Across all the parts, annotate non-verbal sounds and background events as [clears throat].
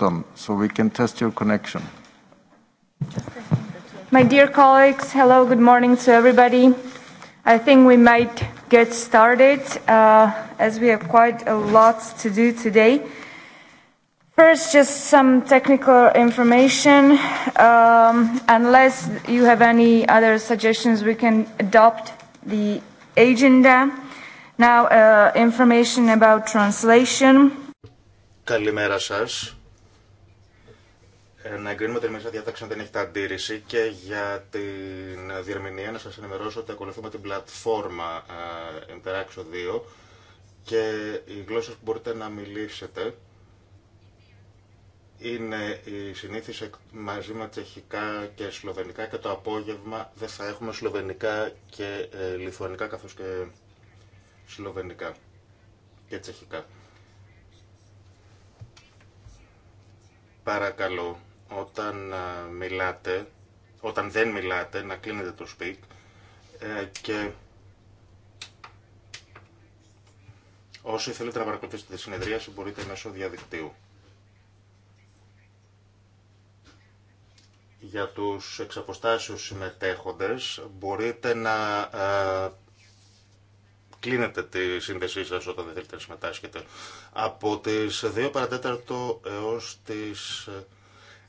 system so we can test your connection. My dear colleagues, hello, good morning to everybody. I think we might get started as we have quite a lot to do today. First, just some technical information. Um Unless you have any other suggestions, we can adopt the agenda. Now, information about translation. Καλημέρα σας. Ε, να εγκρίνουμε την μέσα διάταξη αν δεν έχετε αντίρρηση και για την διερμηνία να σας ενημερώσω ότι ακολουθούμε την πλατφόρμα ε, Interaction 2 και οι γλώσσες που μπορείτε να μιλήσετε είναι η συνήθιση μαζί με τσεχικά και σλοβενικά και το απόγευμα δεν θα έχουμε σλοβενικά και ε, λιθουανικά καθώς και σλοβενικά και τσεχικά. Παρακαλώ όταν ε, μιλάτε, όταν δεν μιλάτε, να κλείνετε το speak ε, και όσοι θέλετε να παρακολουθήσετε τη συνεδρίαση μπορείτε μέσω διαδικτύου. Για τους εξαποστάσεως συμμετέχοντες μπορείτε να ε, κλείνετε τη σύνδεσή σας όταν δεν θέλετε να συμμετάσχετε από τις 2 παρατέταρτο έως τις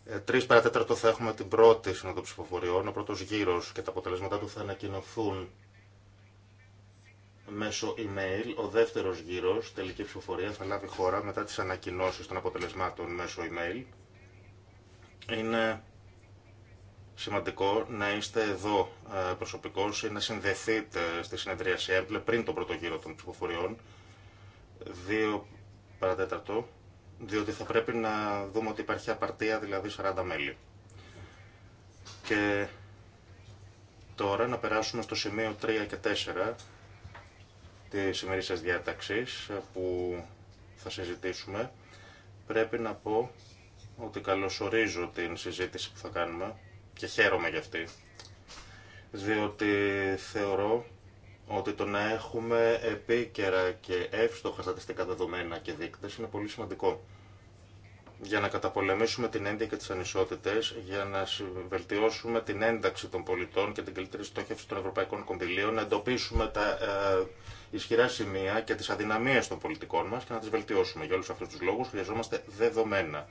ε, Τρει παρατέταρτο θα έχουμε την πρώτη σύνοδο ψηφοφοριών, ο πρώτος γύρος και τα αποτελέσματά του θα ανακοινωθούν μέσω email. Ο δεύτερος γύρος, τελική ψηφοφορία, θα λάβει χώρα μετά τις ανακοινώσει των αποτελεσμάτων μέσω email. Είναι σημαντικό να είστε εδώ ε, προσωπικώ ή να συνδεθείτε στη συνεδρίαση Apple πριν τον πρώτο γύρο των ψηφοφοριών. Δύο παρατέταρτο διότι θα πρέπει να δούμε ότι υπάρχει απαρτία, δηλαδή 40 μέλη. Και τώρα να περάσουμε στο σημείο 3 και 4 της σας διάταξης που θα συζητήσουμε. Πρέπει να πω ότι καλωσορίζω την συζήτηση που θα κάνουμε και χαίρομαι για αυτή, διότι θεωρώ ότι το να έχουμε επίκαιρα και εύστοχα στατιστικά δεδομένα και δείκτες είναι πολύ σημαντικό για να καταπολεμήσουμε την ένδια και τι ανισότητε, για να βελτιώσουμε την ένταξη των πολιτών και την καλύτερη στόχευση των ευρωπαϊκών κονδυλίων, να εντοπίσουμε τα ε, ισχυρά σημεία και τις αδυναμίες των πολιτικών μα και να τι βελτιώσουμε. Για όλου αυτού του λόγου. χρειαζόμαστε δεδομένα.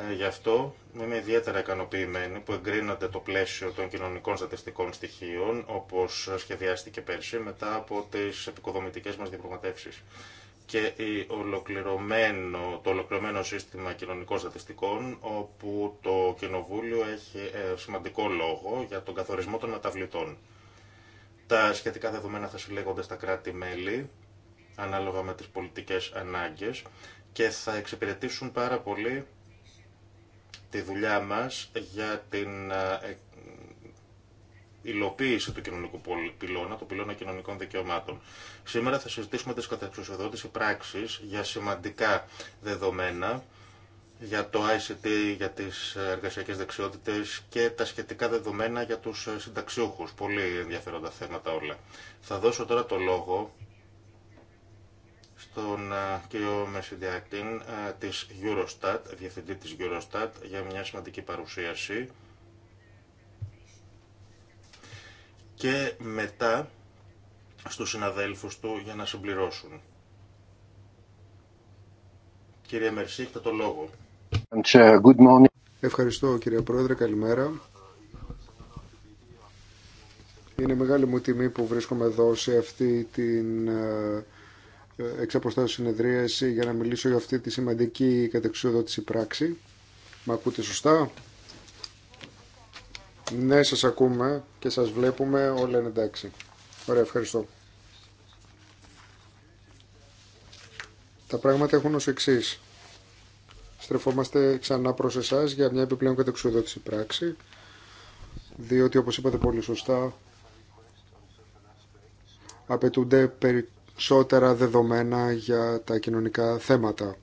Ε, γι' αυτό είμαι ιδιαίτερα ικανοποιημένη που εγκρίνονται το πλαίσιο των κοινωνικών στατιστικών στοιχείων, όπως σχεδιάστηκε πέρσι, μετά από τις επικοδομητικές μας διαπραγματεύσεις. Και ολοκληρωμένο, το ολοκληρωμένο σύστημα κοινωνικών στατιστικών, όπου το Κοινοβούλιο έχει ε, σημαντικό λόγο για τον καθορισμό των μεταβλητών. Τα σχετικά δεδομένα θα συλλέγονται στα κράτη-μέλη, ανάλογα με τις πολιτικές ανάγκες, και θα εξυπηρετήσουν πάρα πολύ τη δουλειά μας για την ε, ε, υλοποίηση του κοινωνικού πυλώνα, του πυλώνα κοινωνικών δικαιωμάτων. Σήμερα θα συζητήσουμε τις καταξιοσοδότηση πράξεις για σημαντικά δεδομένα, για το ICT, για τις εργασιακές δεξιότητες και τα σχετικά δεδομένα για τους συνταξιούχους. Πολύ ενδιαφέροντα θέματα όλα. Θα δώσω τώρα το λόγο τον ε, κύριο Μεσιντιακλίν ε, της Eurostat, διευθυντή της Eurostat, για μια σημαντική παρουσίαση. Και μετά στους συναδέλφους του για να συμπληρώσουν. Κύριε Μερσή, έχετε το λόγο. Uh, Ευχαριστώ κύριε Πρόεδρε, καλημέρα. Είναι μεγάλη μου τιμή που βρίσκομαι εδώ σε αυτή την ε, εξαποστάσεως συνεδρίαση για να μιλήσω για αυτή τη σημαντική κατεξοδότηση πράξη. Μ' ακούτε σωστά. Ναι, σας ακούμε και σας βλέπουμε. Όλα είναι εντάξει. Ωραία, ευχαριστώ. Τα πράγματα έχουν ως εξή. Στρεφόμαστε ξανά προς εσάς για μια επιπλέον κατεξοδότηση πράξη, διότι όπως είπατε πολύ σωστά, απαιτούνται περί σώτερα δεδομένα για τα κοινωνικά θέματα.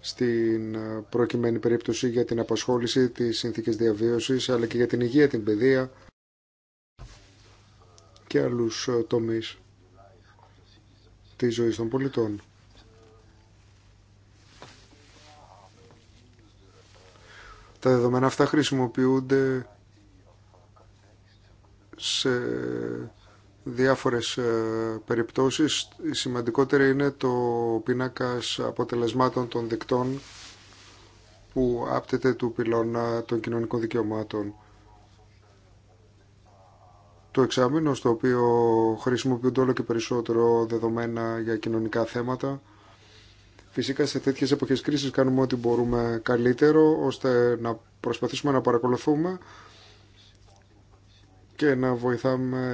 Στην ε, προκειμένη περίπτωση για την απασχόληση, της συνθήκες διαβίωσης, αλλά και για την υγεία, την παιδεία και άλλους ε, τομείς της ζωής των πολιτών. Τα δεδομένα αυτά χρησιμοποιούνται σε διάφορες ε, περιπτώσεις. Η σημαντικότερη είναι το πίνακας αποτελεσμάτων των δικτών που άπτεται του πυλώνα των κοινωνικών δικαιωμάτων. Το εξάμεινο στο οποίο χρησιμοποιούνται όλο και περισσότερο δεδομένα για κοινωνικά θέματα. Φυσικά σε τέτοιες εποχές κρίσης κάνουμε ό,τι μπορούμε καλύτερο ώστε να προσπαθήσουμε να παρακολουθούμε και να βοηθάμε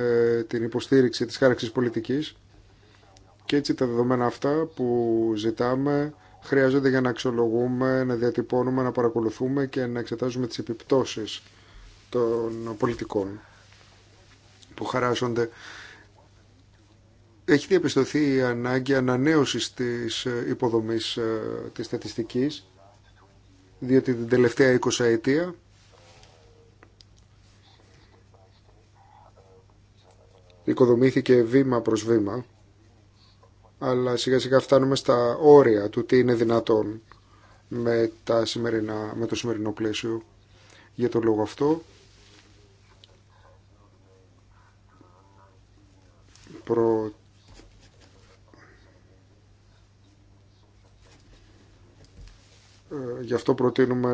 την υποστήριξη της χάραξης πολιτικής και έτσι τα δεδομένα αυτά που ζητάμε χρειάζονται για να αξιολογούμε, να διατυπώνουμε, να παρακολουθούμε και να εξετάζουμε τις επιπτώσεις των πολιτικών που χαράσσονται. Έχει διαπιστωθεί η ανάγκη ανανέωσης της υποδομής ε, της στατιστικής, διότι την τελευταία 20 αιτία οικοδομήθηκε βήμα προς βήμα αλλά σιγά σιγά φτάνουμε στα όρια του τι είναι δυνατόν με, τα με το σημερινό πλαίσιο για τον λόγο αυτό. Ε, γι' αυτό προτείνουμε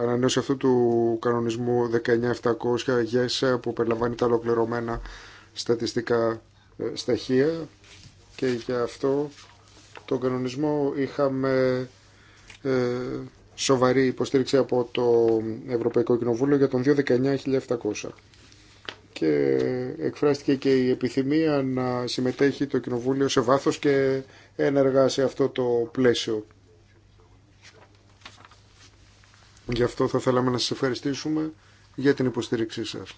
ανανέωση αυτού του κανονισμού 19700 ΓΕΣ που περιλαμβάνει τα ολοκληρωμένα στατιστικά ε, στοιχεία και γι' αυτό τον κανονισμό είχαμε ε, σοβαρή υποστήριξη από το Ευρωπαϊκό Κοινοβούλιο για τον 219.700 και εκφράστηκε και η επιθυμία να συμμετέχει το Κοινοβούλιο σε βάθος και ένεργα σε αυτό το πλαίσιο. Γι' αυτό θα θέλαμε να σας ευχαριστήσουμε για την υποστήριξή σας.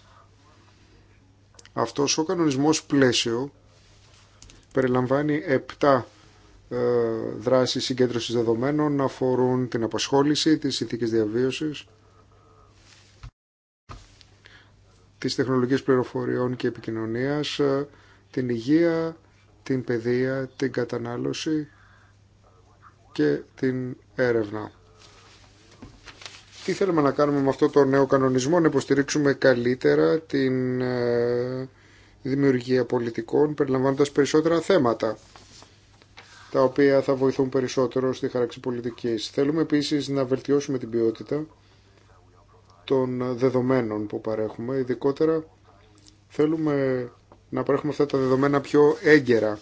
Αυτός ο κανονισμός πλαίσιο περιλαμβάνει 7 ε, δράσεις συγκέντρωσης δεδομένων αφορούν την απασχόληση, τις συνθήκες διαβίωσης, τις τεχνολογίες πληροφοριών και επικοινωνίας, ε, την υγεία, την παιδεία, την κατανάλωση και την έρευνα. Τι θέλουμε να κάνουμε με αυτό το νέο κανονισμό, να υποστηρίξουμε καλύτερα την ε, δημιουργία πολιτικών, περιλαμβάνοντας περισσότερα θέματα, τα οποία θα βοηθούν περισσότερο στη χαράξη πολιτικής. Θέλουμε επίσης να βελτιώσουμε την ποιότητα των δεδομένων που παρέχουμε, ειδικότερα θέλουμε να παρέχουμε αυτά τα δεδομένα πιο έγκαιρα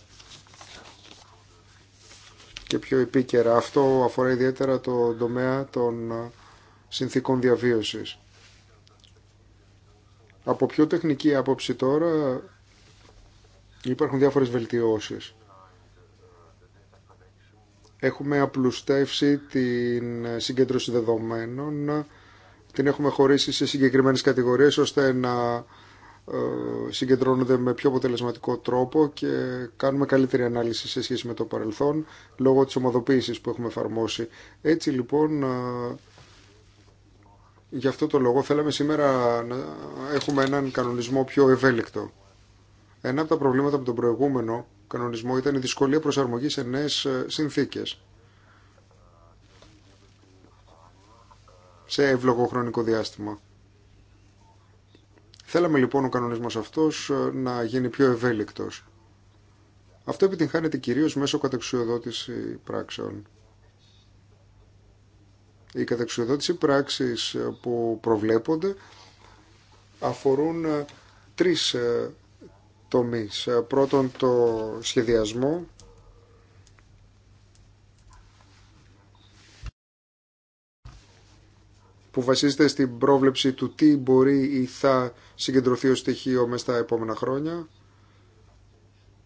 και πιο επίκαιρα. Αυτό αφορά ιδιαίτερα το τομέα των συνθήκων διαβίωσης. Από πιο τεχνική άποψη τώρα υπάρχουν διάφορες βελτιώσεις. Έχουμε απλουστεύσει την συγκέντρωση δεδομένων, την έχουμε χωρίσει σε συγκεκριμένες κατηγορίες ώστε να ε, συγκεντρώνονται με πιο αποτελεσματικό τρόπο και κάνουμε καλύτερη ανάλυση σε σχέση με το παρελθόν λόγω της ομοδοποίησης που έχουμε εφαρμόσει. Έτσι λοιπόν ε, Γι' αυτό το λόγο θέλαμε σήμερα να έχουμε έναν κανονισμό πιο ευέλικτο. Ένα από τα προβλήματα από τον προηγούμενο κανονισμό ήταν η δυσκολία προσαρμογής σε νέε συνθήκε. Σε εύλογο χρονικό διάστημα. Θέλαμε λοιπόν ο κανονισμός αυτός ε, να γίνει πιο ευέλικτος. Αυτό επιτυγχάνεται κυρίως μέσω κατεξουδότηση πράξεων. Η καταξιοδότηση πράξης ε, που προβλέπονται αφορούν ε, τρεις ε, τομείς. Πρώτον το σχεδιασμό, που βασίζεται στην πρόβλεψη του τι μπορεί ή θα συγκεντρωθεί ως στοιχείο μέσα στα επόμενα χρόνια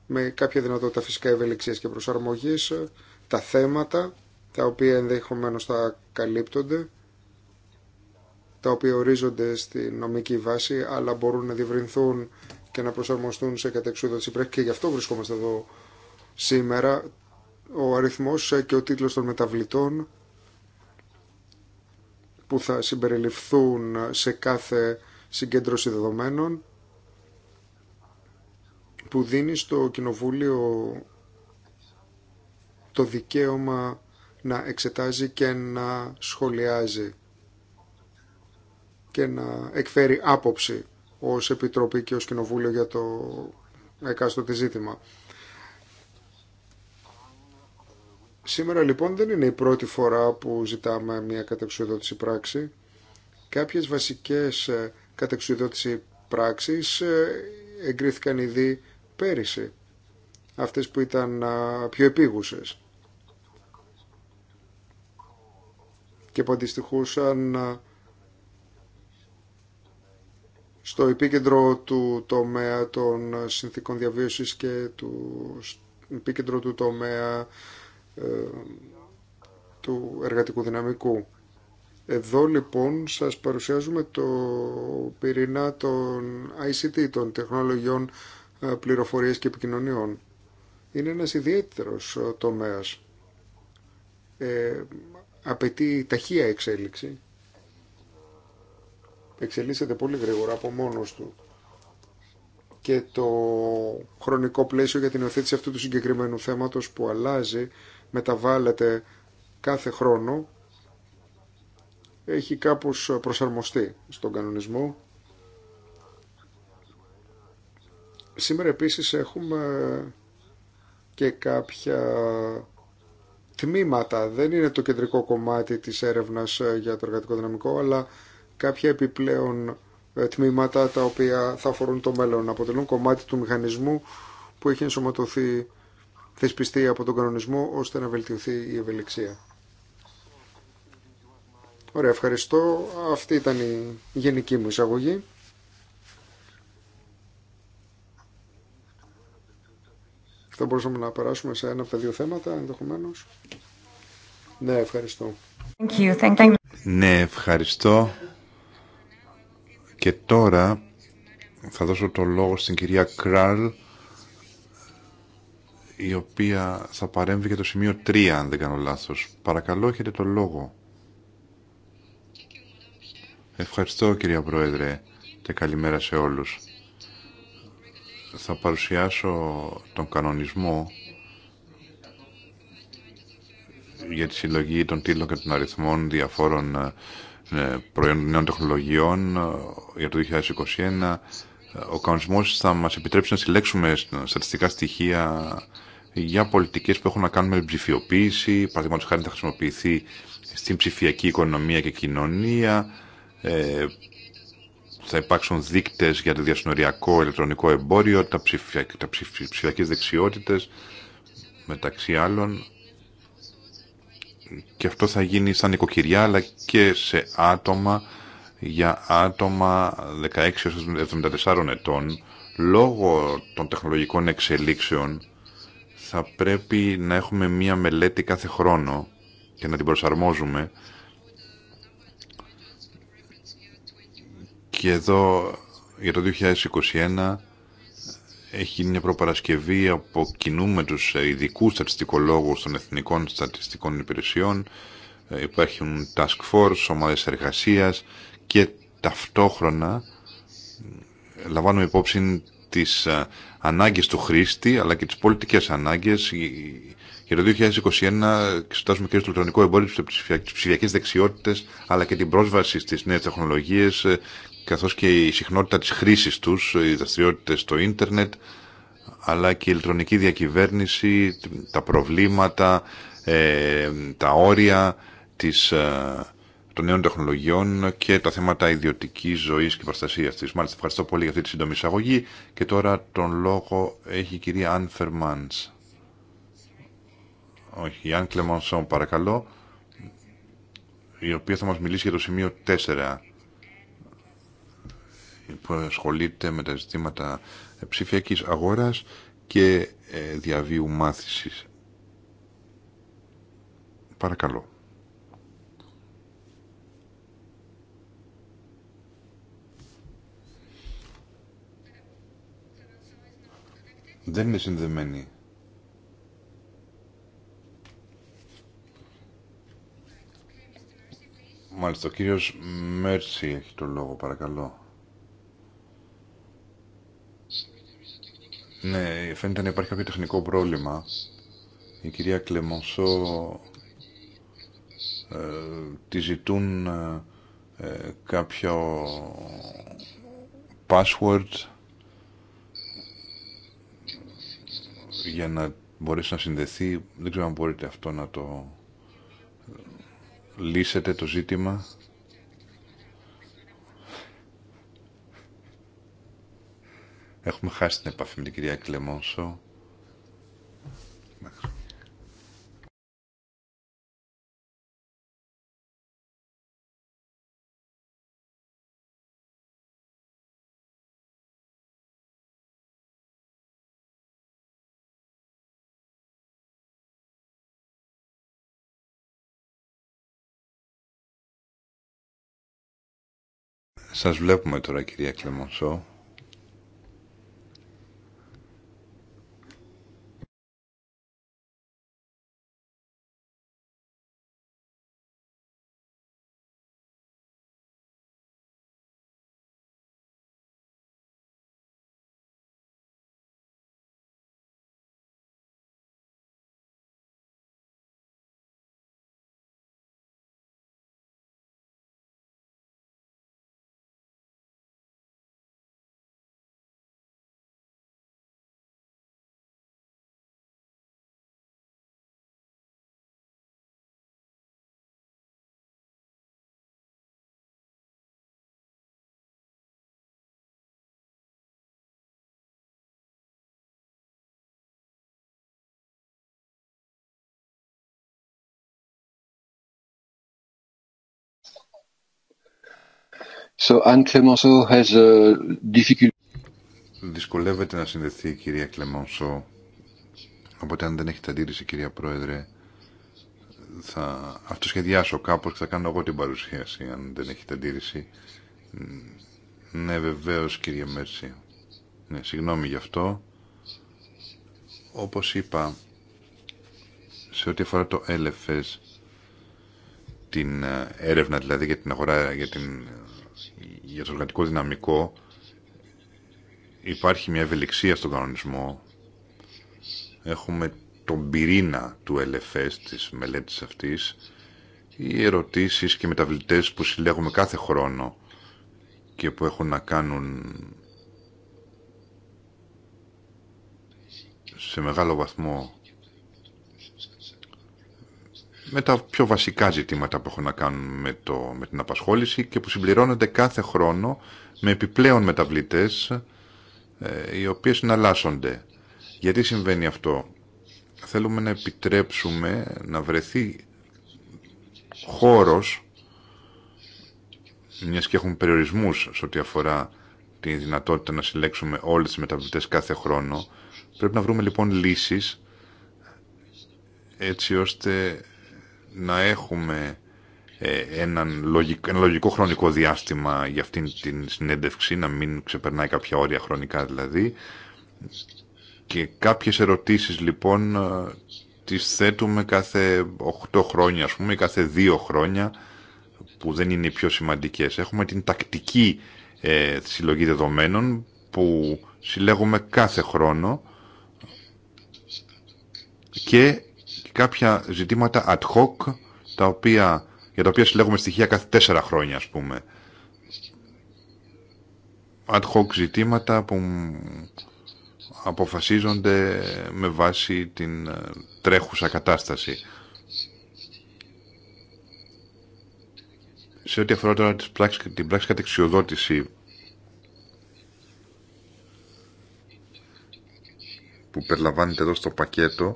με κάποια δυνατότητα φυσικά ευελιξίας και προσαρμογής, τα θέματα τα οποία ενδεχομένως θα καλύπτονται, τα οποία ορίζονται στη νομική βάση, αλλά μπορούν να διευρυνθούν και να προσαρμοστούν σε κατεξούδαση πρέπει και γι' αυτό βρισκόμαστε εδώ σήμερα. Ο αριθμός και ο τίτλος των μεταβλητών που θα συμπεριληφθούν σε κάθε συγκέντρωση δεδομένων που δίνει στο Κοινοβούλιο το δικαίωμα να εξετάζει και να σχολιάζει και να εκφέρει άποψη ως Επιτροπή και ως Κοινοβούλιο για το εκάστοτε ζήτημα. Σήμερα λοιπόν δεν είναι η πρώτη φορά που ζητάμε μια κατεξουδότηση πράξη. Κάποιες βασικές ε, κατεξουδότηση πράξεις ε, εγκρίθηκαν ήδη πέρυσι, αυτές που ήταν ε, πιο επίγουσες. και που αντιστοιχούσαν ε, στο επίκεντρο του τομέα των συνθήκων διαβίωσης και του επίκεντρο του τομέα ε, του εργατικού δυναμικού. Εδώ λοιπόν σας παρουσιάζουμε το πυρήνα των ICT, των τεχνολογιών ε, πληροφορίας και επικοινωνιών. Είναι ένας ιδιαίτερος τομέας απαιτεί ταχεία εξέλιξη. Εξελίσσεται πολύ γρήγορα από μόνος του. Και το χρονικό πλαίσιο για την υιοθέτηση αυτού του συγκεκριμένου θέματος που αλλάζει, μεταβάλλεται κάθε χρόνο, έχει κάπως προσαρμοστεί στον κανονισμό. Σήμερα επίσης έχουμε και κάποια τμήματα. Δεν είναι το κεντρικό κομμάτι της έρευνας ε, για το εργατικό δυναμικό, αλλά κάποια επιπλέον ε, τμήματα τα οποία θα αφορούν το μέλλον. Αποτελούν κομμάτι του μηχανισμού που έχει ενσωματωθεί θεσπιστεί από τον κανονισμό ώστε να βελτιωθεί η ευελιξία. Ωραία, ευχαριστώ. Αυτή ήταν η γενική μου εισαγωγή. Θα μπορούσαμε να περάσουμε σε ένα από τα δύο θέματα ενδεχομένω. Ναι, ευχαριστώ. Thank you. Thank you. Ναι, ευχαριστώ. Και τώρα θα δώσω το λόγο στην κυρία Κράλ η οποία θα παρέμβει για το σημείο 3 αν δεν κάνω λάθος. Παρακαλώ έχετε το λόγο. Ευχαριστώ κυρία Πρόεδρε και καλημέρα σε όλους θα παρουσιάσω τον κανονισμό για τη συλλογή των τίτλων και των αριθμών διαφόρων ε, ε, προϊόντων νέων τεχνολογιών ε, για το 2021. Ο κανονισμός θα μας επιτρέψει να συλλέξουμε στατιστικά στοιχεία για πολιτικές που έχουν να κάνουν με την ψηφιοποίηση, παραδείγματος χάρη θα χρησιμοποιηθεί στην ψηφιακή οικονομία και κοινωνία, θα υπάρξουν δείκτες για το διασυνοριακό ηλεκτρονικό εμπόριο, τα, ψηφια, τα ψηφιακές δεξιότητες, μεταξύ άλλων. Και αυτό θα γίνει σαν οικοκυριά, αλλά και σε άτομα, για άτομα 16 74 ετών, λόγω των τεχνολογικών εξελίξεων, θα πρέπει να έχουμε μία μελέτη κάθε χρόνο και να την προσαρμόζουμε και εδώ για το 2021 έχει γίνει μια προπαρασκευή από κοινού με τους ειδικούς στατιστικολόγους των Εθνικών Στατιστικών Υπηρεσιών. Ε, υπάρχουν task force, ομάδες εργασίας και ταυτόχρονα ε, λαμβάνουμε υπόψη τις ε, ανάγκες του χρήστη αλλά και τις πολιτικές ανάγκες για το 2021 εξετάζουμε και στο ηλεκτρονικό εμπόριο, τις ψηφιακές δεξιότητες... αλλά και την πρόσβαση στις νέες τεχνολογίες καθώς και η συχνότητα της χρήσης τους, οι δραστηριότητε στο ίντερνετ, αλλά και η ηλεκτρονική διακυβέρνηση, τα προβλήματα, ε, τα όρια της, ε, των νέων τεχνολογιών και τα θέματα ιδιωτικής ζωής και προστασίας της. Μάλιστα, ευχαριστώ πολύ για αυτή τη σύντομη εισαγωγή και τώρα τον λόγο έχει η κυρία Αν Φερμάνς. Όχι, η Αν Κλεμονσόν παρακαλώ, η οποία θα μας μιλήσει για το σημείο 4 που ασχολείται με τα ζητήματα ψηφιακής αγοράς και ε, διαβίου μάθησης. Παρακαλώ. Δεν είναι συνδεμένη. Μάλιστα, ο κύριος Μέρση έχει το λόγο, παρακαλώ. Ναι, φαίνεται να υπάρχει κάποιο τεχνικό πρόβλημα. Η κυρία Κλεμονσό ε, τη ζητούν ε, ε, κάποιο password για να μπορέσει να συνδεθεί. Δεν ξέρω αν μπορείτε αυτό να το ε, λύσετε το ζήτημα. Έχουμε χάσει την επαφή με την κυρία Κλεμόνσο. Σας βλέπουμε τώρα κυρία Κλεμονσό. So Anne Clemenceau has a Δυσκολεύεται να συνδεθεί η κυρία Κλεμόνσο. Οπότε αν δεν έχετε αντίρρηση κυρία Πρόεδρε, θα αυτοσχεδιάσω κάπως και θα κάνω εγώ την παρουσίαση αν δεν έχετε αντίρρηση. Ναι βεβαίως κύριε Μέρση. Ναι, συγγνώμη γι' αυτό. Όπως είπα, σε ό,τι αφορά το LFS, την ε, έρευνα δηλαδή για την αγορά, για την για το εργατικό δυναμικό υπάρχει μια ευελιξία στον κανονισμό. Έχουμε τον πυρήνα του ελεφές της μελέτης αυτής, οι ερωτήσεις και μεταβλητές που συλλέγουμε κάθε χρόνο και που έχουν να κάνουν σε μεγάλο βαθμό με τα πιο βασικά ζητήματα που έχουν να κάνουν με, το, με την απασχόληση και που συμπληρώνονται κάθε χρόνο με επιπλέον μεταβλητές ε, οι οποίες συναλλάσσονται. Γιατί συμβαίνει αυτό. Θέλουμε να επιτρέψουμε να βρεθεί χώρος μια και έχουν περιορισμούς σε ό,τι αφορά τη δυνατότητα να συλλέξουμε όλες τις μεταβλητές κάθε χρόνο. Πρέπει να βρούμε λοιπόν λύσεις έτσι ώστε να έχουμε ε, έναν λογικό, ένα λογικό χρονικό διάστημα για αυτήν την συνέντευξη, να μην ξεπερνάει κάποια όρια χρονικά δηλαδή. Και κάποιες ερωτήσεις λοιπόν ε, τις θέτουμε κάθε 8 χρόνια ας πούμε κάθε 2 χρόνια που δεν είναι οι πιο σημαντικές. Έχουμε την τακτική ε, συλλογή δεδομένων που συλλέγουμε κάθε χρόνο και κάποια ζητήματα ad hoc τα οποία, για τα οποία συλλέγουμε στοιχεία κάθε τέσσερα χρόνια ας πούμε. Ad hoc ζητήματα που αποφασίζονται με βάση την ε, τρέχουσα κατάσταση. Σε ό,τι αφορά τώρα την πράξη κατεξιοδότηση που περιλαμβάνεται εδώ στο πακέτο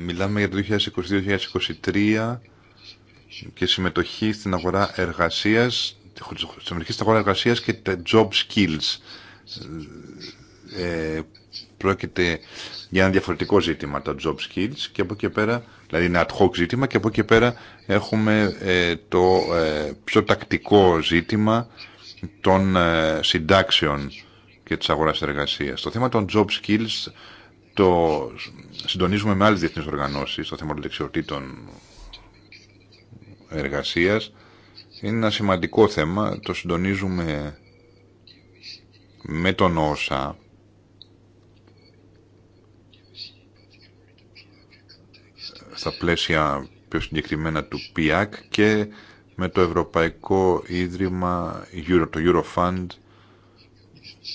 Μιλάμε για το 2022-2023 και συμμετοχή στην αγορά εργασίας, συμμετοχή στην αγορά εργασίας και τα job skills. Ε, πρόκειται για ένα διαφορετικό ζήτημα τα job skills και από εκεί πέρα, δηλαδή είναι ad hoc ζήτημα και από εκεί πέρα έχουμε ε, το ε, πιο τακτικό ζήτημα των ε, συντάξεων και της αγοράς εργασίας. Το θέμα των job skills το συντονίζουμε με άλλες διεθνείς οργανώσεις, το θέμα των δεξιοτήτων εργασίας. Είναι ένα σημαντικό θέμα, το συντονίζουμε με τον ΩΣΑ, στα πλαίσια πιο συγκεκριμένα του ΠΙΑΚ και με το Ευρωπαϊκό Ίδρυμα, το Eurofund,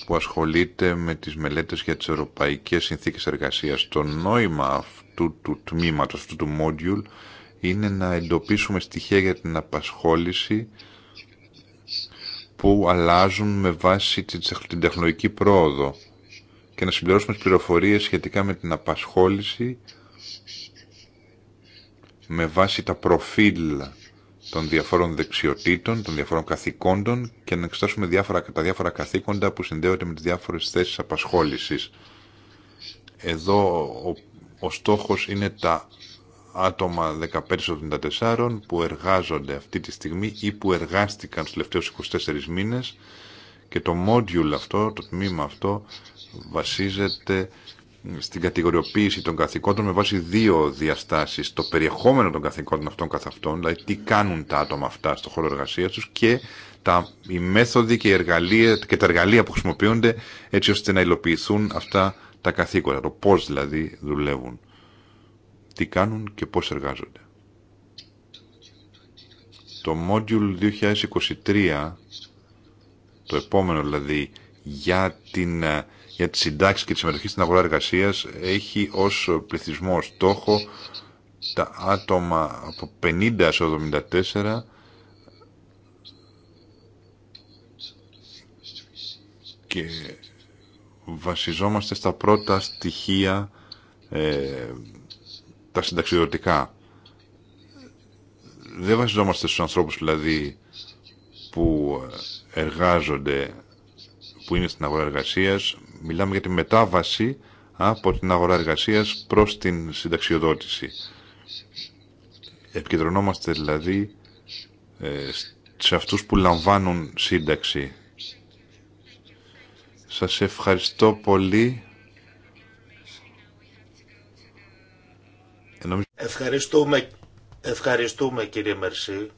που ασχολείται με τις μελέτες για τις ευρωπαϊκές συνθήκες εργασίας. Το νόημα αυτού του τμήματος, αυτού του module, είναι να εντοπίσουμε στοιχεία για την απασχόληση που αλλάζουν με βάση την τεχνολογική πρόοδο και να συμπληρώσουμε τις πληροφορίες σχετικά με την απασχόληση με βάση τα προφίλ των διαφόρων δεξιοτήτων, των διαφόρων καθηκόντων και να εξετάσουμε διάφορα, τα διάφορα καθήκοντα που συνδέονται με τις διάφορες θέσεις απασχόλησης. Εδώ ο, ο στόχος είναι τα άτομα 15-74 που εργάζονται αυτή τη στιγμή ή που εργάστηκαν στους τελευταίους 24 μήνες και το module αυτό, το τμήμα αυτό βασίζεται στην κατηγοριοποίηση των καθηκόντων με βάση δύο διαστάσεις. Το περιεχόμενο των καθηκόντων αυτών καθ' αυτών, δηλαδή τι κάνουν τα άτομα αυτά στο χώρο εργασία τους και τα, οι μέθοδοι και, εργαλεία, και τα εργαλεία που χρησιμοποιούνται έτσι ώστε να υλοποιηθούν αυτά τα καθήκοντα. Το πώς δηλαδή δουλεύουν, τι κάνουν και πώς εργάζονται. Το Module 2023, το επόμενο δηλαδή για την ε, για τη συντάξη και τη συμμετοχή στην αγορά εργασία έχει ω πληθυσμό στόχο τα άτομα από 50 έω 74 και βασιζόμαστε στα πρώτα στοιχεία ε, τα συνταξιδοτικά. Δεν βασιζόμαστε στους ανθρώπους δηλαδή που ε, εργάζονται, που είναι στην αγορά εργασίας, Μιλάμε για τη μετάβαση από την αγορά εργασίας προς την συνταξιοδότηση. Επικεντρωνόμαστε δηλαδή ε, σε αυτούς που λαμβάνουν σύνταξη. Σας ευχαριστώ πολύ. Ε, ευχαριστούμε, ευχαριστούμε κύριε Μερσή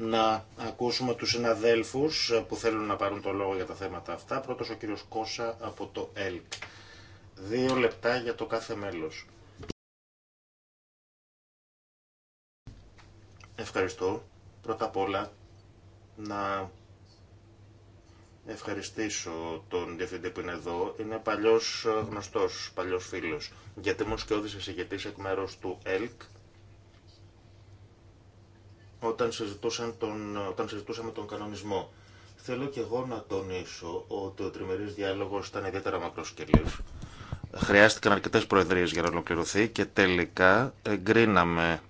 να ακούσουμε τους συναδέλφους που θέλουν να πάρουν το λόγο για τα θέματα αυτά. Πρώτος ο κύριος Κώσα από το ΕΛΚ. Δύο λεπτά για το κάθε μέλος. Ευχαριστώ. Πρώτα απ' όλα να ευχαριστήσω τον διευθυντή που είναι εδώ. Είναι παλιός ε, γνωστός, παλιός φίλος. Γιατί μου σκιώδησε συγκεκριτής εκ μέρους του ΕΛΚ όταν, συζητούσαν τον, συζητούσαμε τον κανονισμό. Θέλω και εγώ να τονίσω ότι ο τριμερής διάλογος ήταν ιδιαίτερα μακροσκελή. Χρειάστηκαν αρκετέ προεδρίες για να ολοκληρωθεί και τελικά εγκρίναμε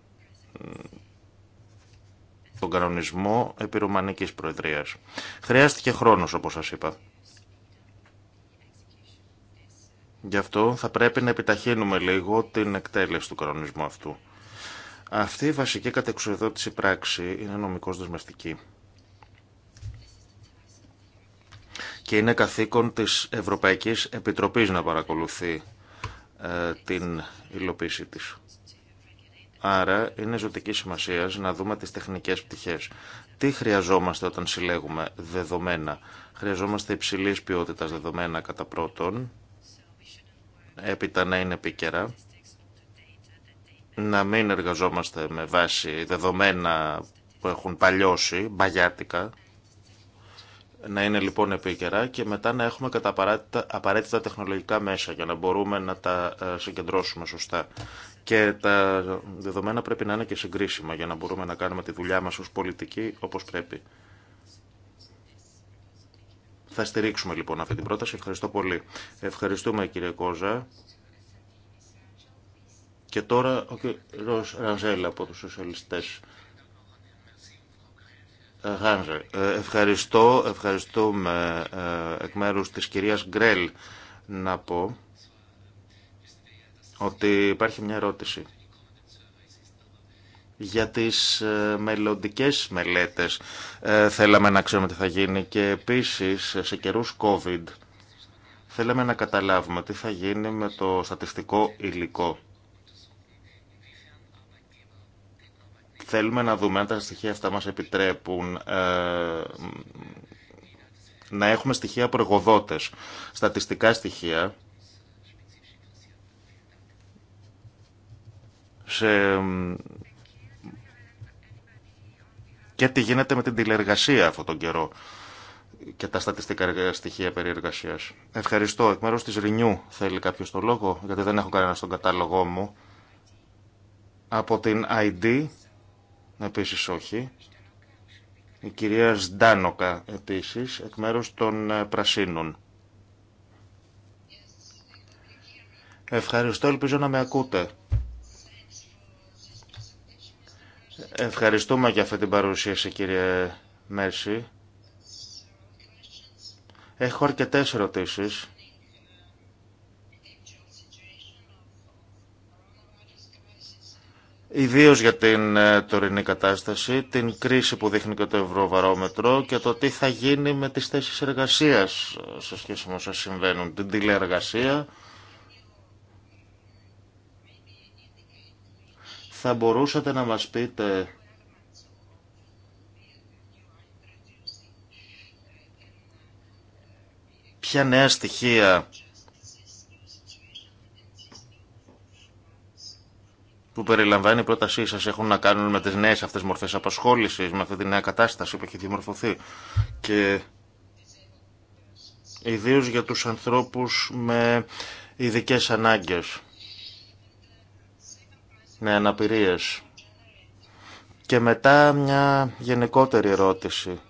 τον κανονισμό επί Ρουμανική Προεδρία. Χρειάστηκε χρόνος, όπως σας είπα. Γι' αυτό θα πρέπει να επιταχύνουμε λίγο την εκτέλεση του κανονισμού αυτού. Αυτή η βασική κατεξοδότηση πράξη είναι νομικώς δεσμευτική. Και είναι καθήκον της Ευρωπαϊκής Επιτροπής να παρακολουθεί ε, την υλοποίησή της. Άρα είναι ζωτική σημασία να δούμε τις τεχνικές πτυχές. Τι χρειαζόμαστε όταν συλλέγουμε δεδομένα. Χρειαζόμαστε υψηλής ποιότητας δεδομένα κατά πρώτον, έπειτα να είναι επίκαιρα να μην εργαζόμαστε με βάση δεδομένα που έχουν παλιώσει, μπαγιάτικα, να είναι λοιπόν επίκαιρα και μετά να έχουμε κατά απαραίτητα τεχνολογικά μέσα για να μπορούμε να τα ε, συγκεντρώσουμε σωστά. Και τα δεδομένα πρέπει να είναι και συγκρίσιμα για να μπορούμε να κάνουμε τη δουλειά μας ως πολιτική όπως πρέπει. Θα στηρίξουμε λοιπόν αυτή την πρόταση. Ευχαριστώ πολύ. Ευχαριστούμε κύριε Κόζα. Και τώρα ο κ. Ραζέλα από τους σοσιαλιστές. Ε, ε, ευχαριστώ, ευχαριστούμε ε, εκ μέρους της κυρίας Γκρέλ να πω ότι υπάρχει μια ερώτηση για τις μελλοντικές μελέτες. θέλαμε να ξέρουμε τι θα γίνει και επίσης σε καιρούς COVID θέλαμε να καταλάβουμε τι θα γίνει με το στατιστικό υλικό Θέλουμε να δούμε αν τα στοιχεία αυτά μας επιτρέπουν ε, να έχουμε στοιχεία προγοδότες, στατιστικά στοιχεία σε... και τι γίνεται με την τηλεργασία αυτόν τον καιρό και τα στατιστικά στοιχεία περί εργασίας. Ευχαριστώ. Εκ μέρους της Ρινιού θέλει κάποιο το λόγο, γιατί δεν έχω κανένα στον κατάλογό μου. Από την ID Επίση όχι. Η κυρία Σντάνοκα επίση, εκ μέρου των ε, Πρασίνων. Ευχαριστώ, ελπίζω να με ακούτε. Ευχαριστούμε για αυτή την παρουσίαση, κύριε Μέρση. Έχω αρκετές ερωτήσεις. Ιδίω για την ε, τωρινή κατάσταση, την κρίση που δείχνει και το Ευρωβαρόμετρο και το τι θα γίνει με τις θέσεις εργασίας ε, σε σχέση με όσα συμβαίνουν, την τηλεεργασία. Θα μπορούσατε να μας πείτε ποια νέα στοιχεία που περιλαμβάνει η πρότασή σα έχουν να κάνουν με τις νέες αυτές μορφές απασχόλησης, με αυτή τη νέα κατάσταση που έχει δημορφωθεί και ιδίω για τους ανθρώπους με ειδικέ ανάγκες, με αναπηρίε. Και μετά μια γενικότερη ερώτηση.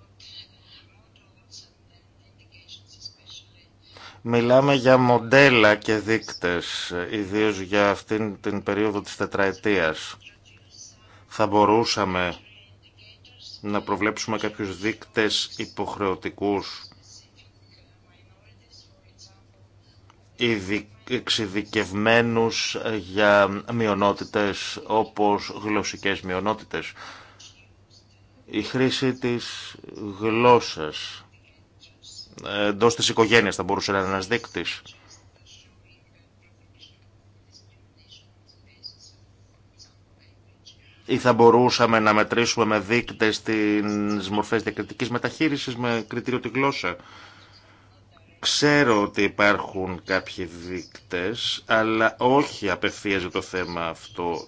Μιλάμε για μοντέλα και δείκτες, ιδίως για αυτήν την περίοδο της τετραετίας. Θα μπορούσαμε να προβλέψουμε κάποιους δείκτες υποχρεωτικούς, εξειδικευμένους για μειονότητες όπως γλωσσικές μειονότητες. Η χρήση της γλώσσας εντό τη οικογένειας θα μπορούσε να είναι ένα δείκτη. Ή θα μπορούσαμε να μετρήσουμε με δείκτες τις μορφές διακριτικής μεταχείρισης με κριτήριο τη γλώσσα. Ξέρω ότι υπάρχουν κάποιοι δείκτες, αλλά όχι απευθείας για το θέμα αυτό.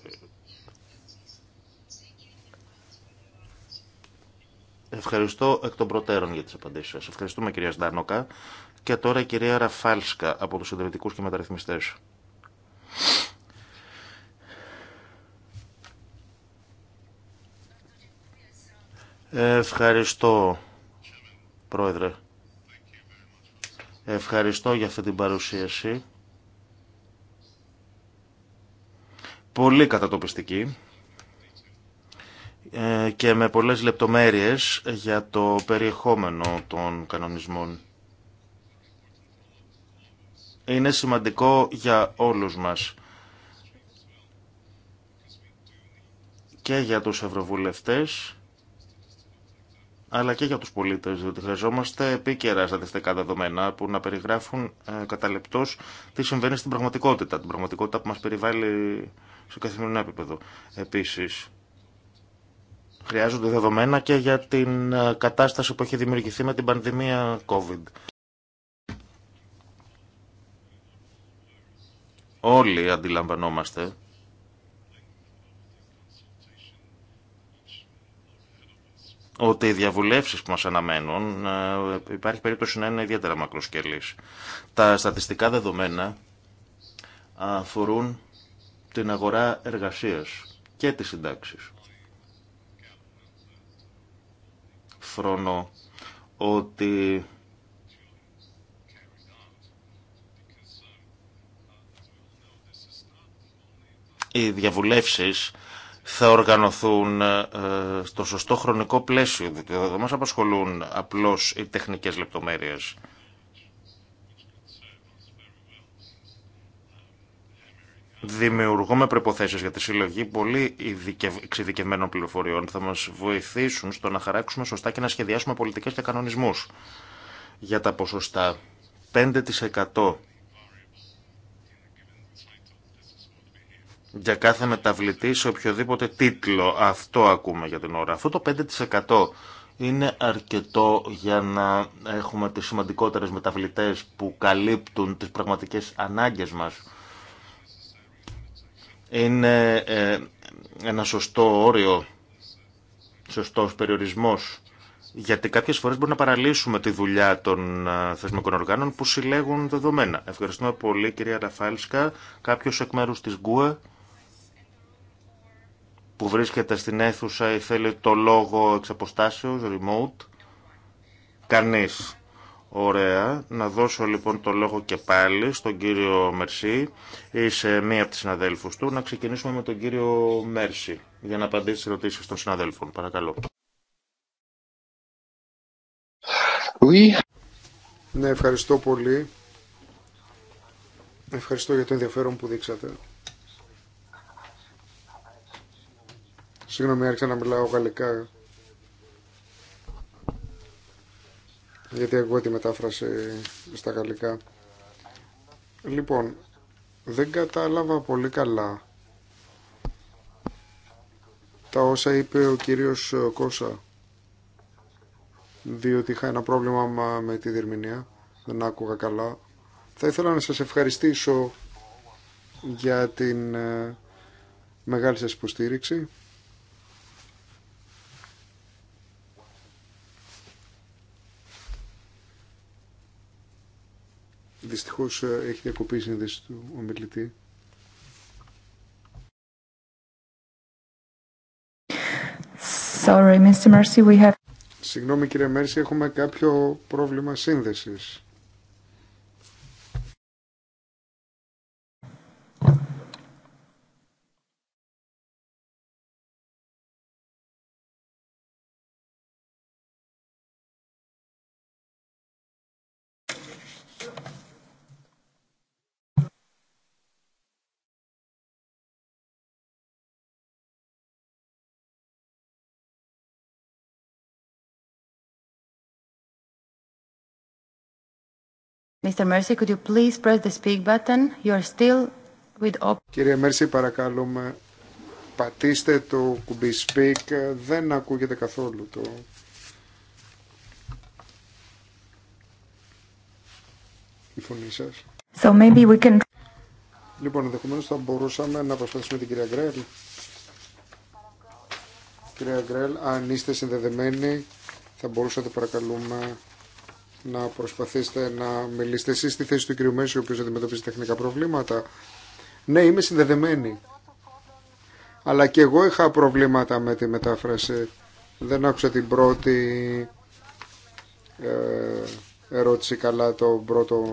Ευχαριστώ εκ των προτέρων για τις απαντήσεις σα. Ευχαριστούμε κυρία Σντάνοκα και τώρα η κυρία Ραφάλσκα από του συντηρητικού και μεταρρυθμιστέ. Ευχαριστώ, Πρόεδρε. Ευχαριστώ για αυτή την παρουσίαση. Πολύ κατατοπιστική. Ε, και με πολλές λεπτομέρειες για το περιεχόμενο των κανονισμών. Είναι σημαντικό για όλους μας και για τους ευρωβουλευτές αλλά και για τους πολίτες, διότι χρειαζόμαστε επίκαιρα στατιστικά δεδομένα που να περιγράφουν ε, κατά λεπτός τι συμβαίνει στην πραγματικότητα, την πραγματικότητα που μας περιβάλλει σε καθημερινό επίπεδο. Επίσης, Χρειάζονται δεδομένα και για την ε, κατάσταση που έχει δημιουργηθεί με την πανδημία COVID. Όλοι αντιλαμβανόμαστε ότι οι διαβουλεύσεις που μας αναμένουν ε, υπάρχει περίπτωση να είναι ιδιαίτερα μακροσκελής. Τα στατιστικά δεδομένα αφορούν την αγορά εργασίας και τις συντάξεις. φρονώ ότι οι διαβουλεύσεις θα οργανωθούν ε, στο σωστό χρονικό πλαίσιο, διότι δηλαδή δεν μας απασχολούν απλώς οι τεχνικές λεπτομέρειες. δημιουργούμε προποθέσει για τη συλλογή πολύ εξειδικευμένων πληροφοριών θα μα βοηθήσουν στο να χαράξουμε σωστά και να σχεδιάσουμε πολιτικέ και κανονισμού. Για τα ποσοστά, 5% για κάθε μεταβλητή σε οποιοδήποτε τίτλο. Αυτό ακούμε για την ώρα. Αυτό το 5% είναι αρκετό για να έχουμε τις σημαντικότερες μεταβλητές που καλύπτουν τις πραγματικές ανάγκες μας είναι ε, ένα σωστό όριο, σωστός περιορισμός γιατί κάποιες φορές μπορούμε να παραλύσουμε τη δουλειά των ε, θεσμικών οργάνων που συλλέγουν δεδομένα. Ευχαριστούμε πολύ κυρία Ραφάλσκα, κάποιος εκ μέρους της ΓΚΟΕ που βρίσκεται στην αίθουσα ή θέλει το λόγο εξ αποστάσεως, remote. Κανείς. Ωραία. Να δώσω λοιπόν το λόγο και πάλι στον κύριο Μερσή ή σε μία από τις συναδέλφους του. Να ξεκινήσουμε με τον κύριο Μέρση για να απαντήσει τις ερωτήσεις των συναδέλφων. Παρακαλώ. Oui. Ναι, ευχαριστώ πολύ. Ευχαριστώ για το ενδιαφέρον που δείξατε. Συγγνώμη, άρχισα να μιλάω γαλλικά. γιατί ακούω τη μετάφραση στα γαλλικά. Λοιπόν, δεν κατάλαβα πολύ καλά τα όσα είπε ο κύριος Κώσα διότι είχα ένα πρόβλημα με τη διερμηνία δεν άκουγα καλά θα ήθελα να σας ευχαριστήσω για την ε, μεγάλη σας υποστήριξη Δυστυχώς ε, έχει διακοπεί η σύνδεση του ομιλητή. Sorry, Mr. Mercy, we have... Συγγνώμη κύριε Μέρση, έχουμε κάποιο πρόβλημα σύνδεσης. Mr. Mercy, could you please press the speak button? still with... Κύριε Μέρση, παρακαλούμε, πατήστε το κουμπί speak. Δεν ακούγεται καθόλου το... η φωνή σας. So maybe we can... Λοιπόν, ενδεχομένω θα μπορούσαμε να προσπαθήσουμε την κυρία Γκρέλ. Κυρία Γκρέλ, αν είστε συνδεδεμένοι, θα μπορούσατε παρακαλούμε να προσπαθήσετε να μιλήσετε εσεί στη θέση του κ. Μέση, ο οποίο αντιμετωπίζει τεχνικά προβλήματα. Ναι, είμαι συνδεδεμένη. Αλλά και εγώ είχα προβλήματα με τη μετάφραση. Δεν άκουσα την πρώτη ε, ερώτηση καλά, το πρώτο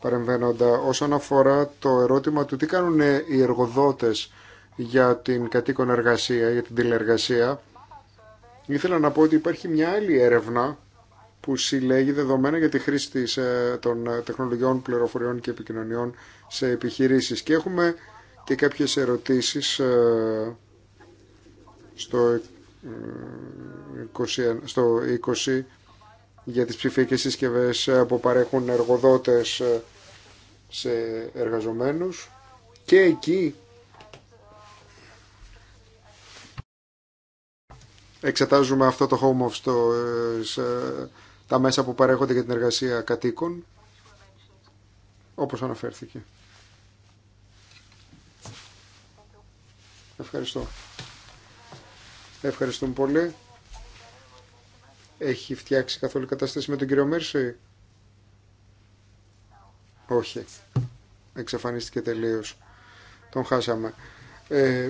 παρεμβαίνοντα. Όσον αφορά το ερώτημα του τι κάνουν οι εργοδότες για την κατοίκον εργασία, για την τηλεργασία, ήθελα να πω ότι υπάρχει μια άλλη έρευνα που συλλέγει δεδομένα για τη χρήση ε, των ε, τεχνολογιών πληροφοριών και επικοινωνιών σε επιχειρήσεις. Και έχουμε και κάποιες ερωτήσεις ε, στο 20, στο 20 για τις ψηφιακές συσκευές που παρέχουν εργοδότες σε εργαζομένους και εκεί εξετάζουμε αυτό το home office τα μέσα που παρέχονται για την εργασία κατοίκων, όπως αναφέρθηκε. Ευχαριστώ. Ευχαριστούμε πολύ. Έχει φτιάξει καθόλου κατάσταση με τον κύριο Μέρση. Όχι. Εξαφανίστηκε τελείως. Τον χάσαμε. Ε,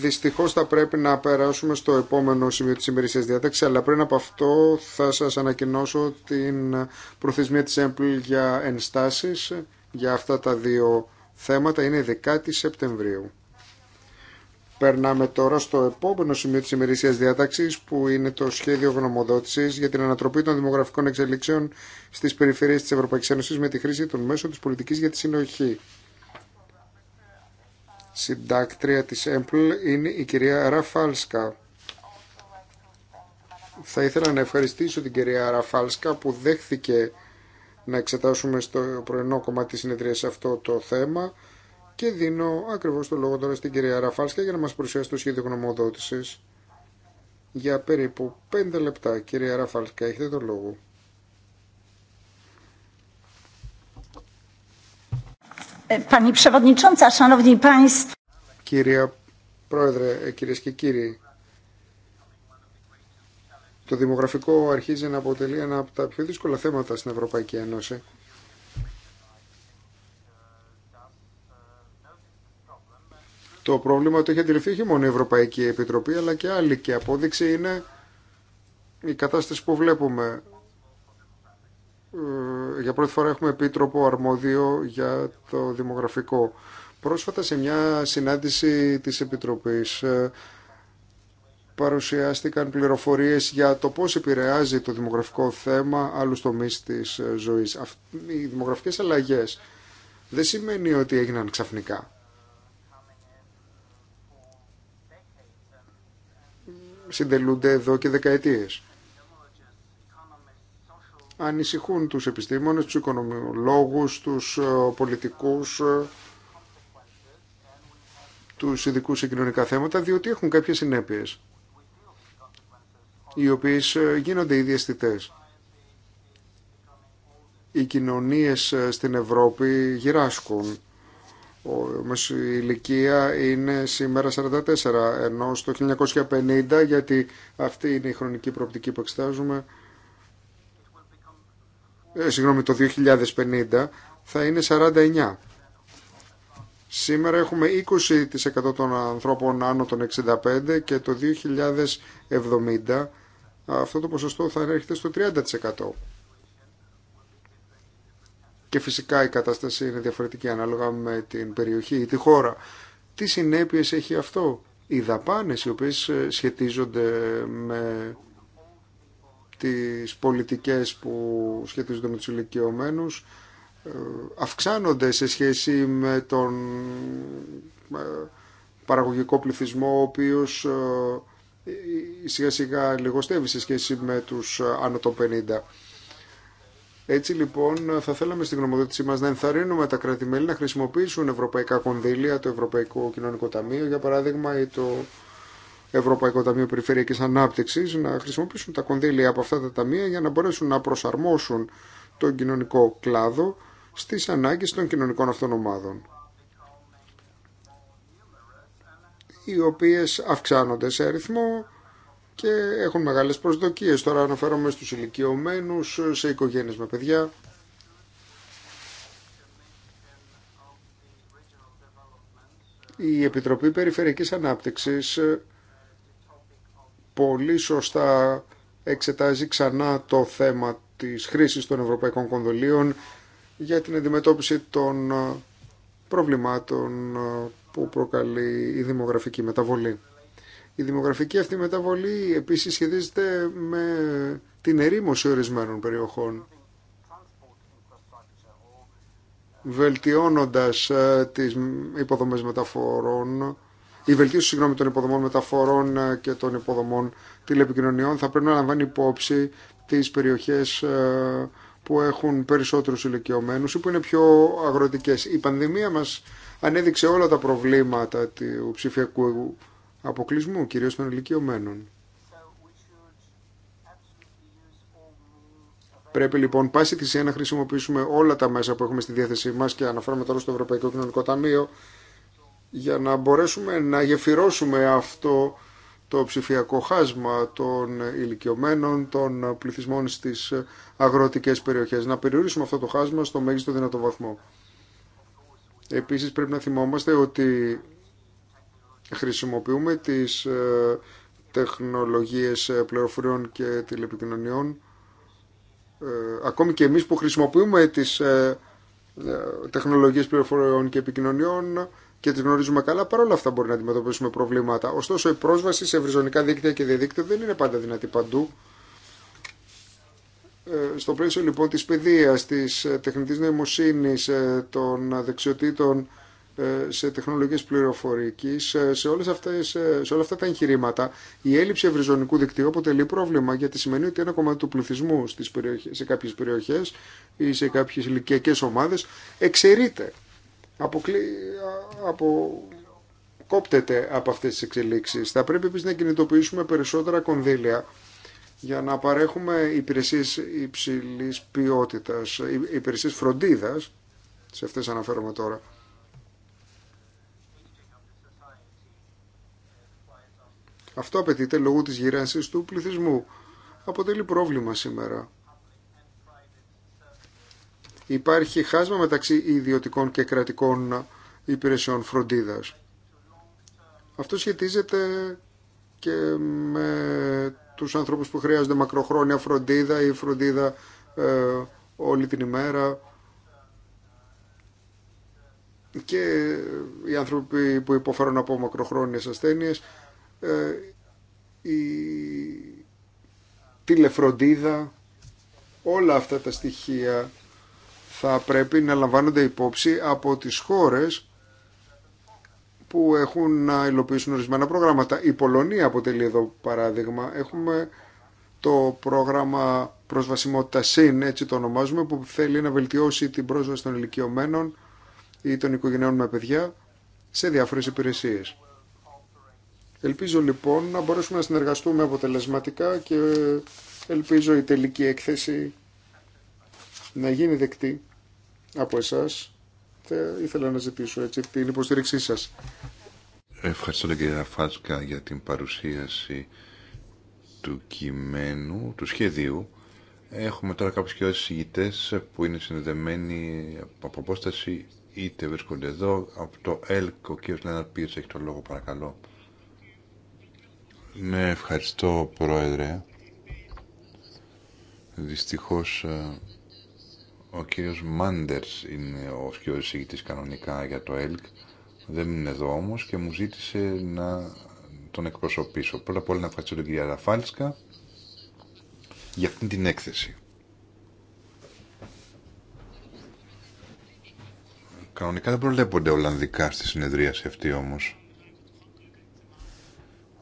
Δυστυχώ θα πρέπει να περάσουμε στο επόμενο σημείο τη ημερησία διάταξη, αλλά πριν από αυτό θα σας ανακοινώσω την προθεσμία της ΕΜΠΛ για ενστάσεις για αυτά τα δύο θέματα. Είναι 10 Σεπτεμβρίου. Περνάμε τώρα στο επόμενο σημείο της ημερησίας διάταξης που είναι το σχέδιο γνωμοδότησης για την ανατροπή των δημογραφικών εξελίξεων στις περιφέρειες της Ευρωπαϊκής Ένωσης με τη χρήση των μέσων της πολιτικής για τη συνοχή συντάκτρια της ΕΜΠΛ είναι η κυρία Ραφάλσκα. Θα ήθελα να ευχαριστήσω την κυρία Ραφάλσκα που δέχθηκε να εξετάσουμε στο πρωινό κομμάτι της συνεδρίας αυτό το θέμα και δίνω ακριβώς το λόγο τώρα στην κυρία Ραφάλσκα για να μας παρουσιάσει το σχέδιο γνωμοδότησης για περίπου 5 λεπτά. Κυρία Ραφάλσκα, έχετε το λόγο. Ε, Κυρία Πρόεδρε, ε, κυρίε και κύριοι, το δημογραφικό αρχίζει να αποτελεί ένα από τα πιο δύσκολα θέματα στην Ευρωπαϊκή Ένωση. Το πρόβλημα το έχει αντιληφθεί όχι μόνο η Ευρωπαϊκή Επιτροπή αλλά και άλλη και απόδειξη είναι η κατάσταση που βλέπουμε ε, για πρώτη φορά έχουμε επίτροπο αρμόδιο για το δημογραφικό. Πρόσφατα σε μια συνάντηση της Επιτροπής ε, παρουσιάστηκαν πληροφορίες για το πώς επηρεάζει το δημογραφικό θέμα άλλους τομείς της ε, ζωής. Οι δημογραφικές αλλαγές δεν σημαίνει ότι έγιναν ξαφνικά. Συντελούνται εδώ και δεκαετίες ανησυχούν τους επιστήμονες, τους οικονομολόγους, τους ε, πολιτικούς, ε, τους ειδικού σε κοινωνικά θέματα, διότι έχουν κάποιες συνέπειες, οι οποίες ε, γίνονται ήδη αισθητέ. Οι κοινωνίες στην Ευρώπη γυράσκουν. Η ηλικία είναι σήμερα 44, ενώ στο 1950, γιατί αυτή είναι η χρονική προοπτική που εξετάζουμε, ε, συγγνώμη, το 2050 θα είναι 49. Σήμερα έχουμε 20% των ανθρώπων άνω των 65 και το 2070 αυτό το ποσοστό θα έρχεται στο 30%. Και φυσικά η κατάσταση είναι διαφορετική ανάλογα με την περιοχή ή τη χώρα. Τι συνέπειες έχει αυτό. Οι δαπάνες οι οποίες ε, σχετίζονται με τις πολιτικές που σχετίζονται με τους ηλικιωμένους ε, αυξάνονται σε σχέση με τον ε, παραγωγικό πληθυσμό ο οποίος ε, σιγά σιγά λιγοστεύει σε σχέση με τους άνω των 50. Έτσι λοιπόν θα θέλαμε στην γνωμοδότησή μας να ενθαρρύνουμε τα κράτη-μέλη να χρησιμοποιήσουν ευρωπαϊκά κονδύλια, το Ευρωπαϊκό Κοινωνικό Ταμείο για παράδειγμα ή το Ευρωπαϊκό Ταμείο Περιφερειακή Ανάπτυξης να χρησιμοποιήσουν τα κονδύλια από αυτά τα ταμεία για να μπορέσουν να προσαρμόσουν τον κοινωνικό κλάδο στις ανάγκες των κοινωνικών αυτών ομάδων οι οποίες αυξάνονται σε αριθμό και έχουν μεγάλες προσδοκίες. Τώρα αναφέρομαι στους ηλικιωμένου, σε οικογένειε με παιδιά. Η Επιτροπή Περιφερειακής Ανάπτυξης πολύ σωστά εξετάζει ξανά το θέμα της χρήσης των ευρωπαϊκών κονδολίων για την αντιμετώπιση των ε, προβλημάτων ε, που προκαλεί η δημογραφική μεταβολή. Η δημογραφική αυτή μεταβολή επίσης σχεδίζεται με την ερήμωση ορισμένων περιοχών βελτιώνοντας ε, τις υποδομές μεταφορών η βελτίωση συγγνώμη, των υποδομών μεταφορών ε, και των υποδομών τηλεπικοινωνιών θα πρέπει να λαμβάνει υπόψη τις περιοχές ε, που έχουν περισσότερους ηλικιωμένους ή που είναι πιο αγροτικές. Η πανδημία μας ανέδειξε όλα τα προβλήματα του ψηφιακού αποκλεισμού, κυρίως των ηλικιωμένων. Πρέπει λοιπόν πάση θυσία να χρησιμοποιήσουμε όλα τα μέσα που έχουμε στη διάθεσή μας και αναφέρομαι τώρα στο Ευρωπαϊκό Κοινωνικό Ταμείο για να μπορέσουμε να γεφυρώσουμε αυτό το ψηφιακό χάσμα των ηλικιωμένων, των πληθυσμών στις αγροτικές περιοχές. Να περιορίσουμε αυτό το χάσμα στο μέγιστο δυνατό βαθμό. Επίσης πρέπει να θυμόμαστε ότι χρησιμοποιούμε τις ε, τεχνολογίες ε, πληροφοριών και τηλεπικοινωνιών. Ε, ακόμη και εμείς που χρησιμοποιούμε τις τεχνολογίες πληροφοριών και επικοινωνιών και τι γνωρίζουμε καλά, παρόλα αυτά μπορεί να αντιμετωπίσουμε προβλήματα. Ωστόσο, η πρόσβαση σε ευρυζωνικά δίκτυα και διαδίκτυα δεν είναι πάντα δυνατή παντού. Ε, στο πλαίσιο λοιπόν της παιδείας, της ε, τεχνητής νοημοσύνης, ε, των δεξιοτήτων σε τεχνολογίες πληροφορικής, σε, σε όλα αυτά τα εγχειρήματα, η έλλειψη ευρυζωνικού δικτύου αποτελεί πρόβλημα γιατί σημαίνει ότι ένα κομμάτι του πληθυσμού σε κάποιες περιοχές ή σε κάποιες ηλικιακέ ομάδες εξαιρείται αποκλεί, κόπτεται από αυτές τις εξελίξεις. Θα πρέπει επίσης να κινητοποιήσουμε περισσότερα κονδύλια για να παρέχουμε υπηρεσίες υψηλής ποιότητας, υπηρεσίες φροντίδας, σε αυτές αναφέρομαι τώρα. Αυτό απαιτείται λόγω της γυρένσης του πληθυσμού. Αποτελεί πρόβλημα σήμερα. Υπάρχει χάσμα μεταξύ ιδιωτικών και κρατικών υπηρεσιών φροντίδας. Αυτό σχετίζεται και με τους ανθρώπους που χρειάζονται μακροχρόνια φροντίδα ή φροντίδα ε, όλη την ημέρα και οι άνθρωποι που υποφέρουν από μακροχρόνιες ασθένειες ε, η τηλεφροντίδα όλα αυτά τα στοιχεία θα πρέπει να λαμβάνονται υπόψη από τις χώρες που έχουν να υλοποιήσουν ορισμένα προγράμματα. Η Πολωνία αποτελεί εδώ παράδειγμα. Έχουμε το πρόγραμμα προσβασιμότητα ΣΥΝ, έτσι το ονομάζουμε, που θέλει να βελτιώσει την πρόσβαση των ηλικιωμένων ή των οικογενειών με παιδιά σε διάφορες υπηρεσίες. Ελπίζω λοιπόν να μπορέσουμε να συνεργαστούμε αποτελεσματικά και ελπίζω η τελική έκθεση να γίνει δεκτή από εσάς. ήθελα να ζητήσω έτσι, την υποστήριξή σας. Ευχαριστώ τον κύριο Φάσκα για την παρουσίαση του κειμένου, του σχεδίου. Έχουμε τώρα κάποιους και όσους που είναι συνδεδεμένοι από απόσταση είτε βρίσκονται εδώ. Από το ΕΛΚ ο κύριος Λέναρ Πίρς έχει το λόγο παρακαλώ. Ναι, ευχαριστώ πρόεδρε. Δυστυχώς ε, ο κύριος Μάντερς είναι ο πιο της κανονικά για το ΕΛΚ. Δεν είναι εδώ όμως και μου ζήτησε να τον εκπροσωπήσω. Πρώτα απ' όλα να ευχαριστήσω τον κύριο Ραφάλσκα για αυτή την έκθεση. Κανονικά δεν προλέπονται Ολλανδικά στη συνεδρίαση αυτή όμως.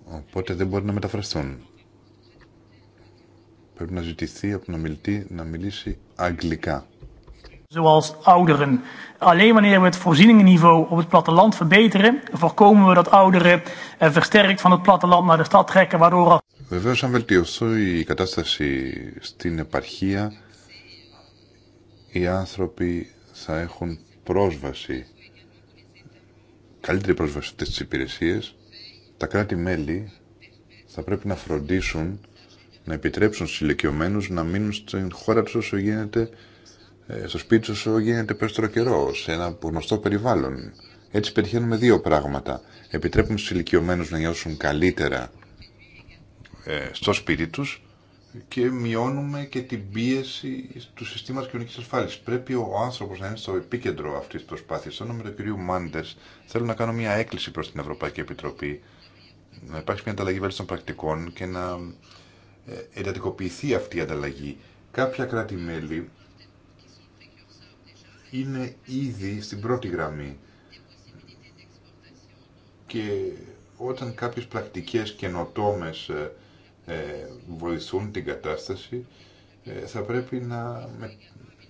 Οπότε δεν μπορεί να μεταφραστούν. Πρέπει να ζητηθεί από τον ομιλητή να μιλήσει αγγλικά. Zoals ouderen. Alleen wanneer we het voorzieningenniveau op het platteland verbeteren, voorkomen we dat ouderen eh, versterkt van het platteland naar de stad trekken, waardoor Βεβαίως αν βελτιωθεί η κατάσταση στην επαρχία, οι άνθρωποι θα έχουν πρόσβαση, καλύτερη πρόσβαση σε αυτές τις υπηρεσίες. Τα κράτη-μέλη θα πρέπει να φροντίσουν να επιτρέψουν στους ηλικιωμένους να μείνουν στην χώρα τους όσο γίνεται ε, στο σπίτι του γίνεται περισσότερο καιρό, σε ένα γνωστό περιβάλλον. Έτσι πετυχαίνουμε δύο πράγματα. Επιτρέπουμε στους ηλικιωμένους να νιώσουν καλύτερα ε, στο σπίτι τους και μειώνουμε και την πίεση του συστήματος κοινωνικής ασφάλισης. Πρέπει ο άνθρωπος να είναι στο επίκεντρο αυτής της προσπάθειας. Στον όνομα του κυρίου Μάντες θέλω να κάνω μια έκκληση προς την Ευρωπαϊκή Επιτροπή να υπάρξει μια ανταλλαγή των πρακτικών και να ε, εντατικοποιηθεί αυτή η ανταλλαγή. Κάποια κράτη-μέλη είναι ήδη στην πρώτη γραμμή. Και όταν κάποιες πρακτικές καινοτόμες ε, ε, βοηθούν την κατάσταση, ε, θα πρέπει να, με,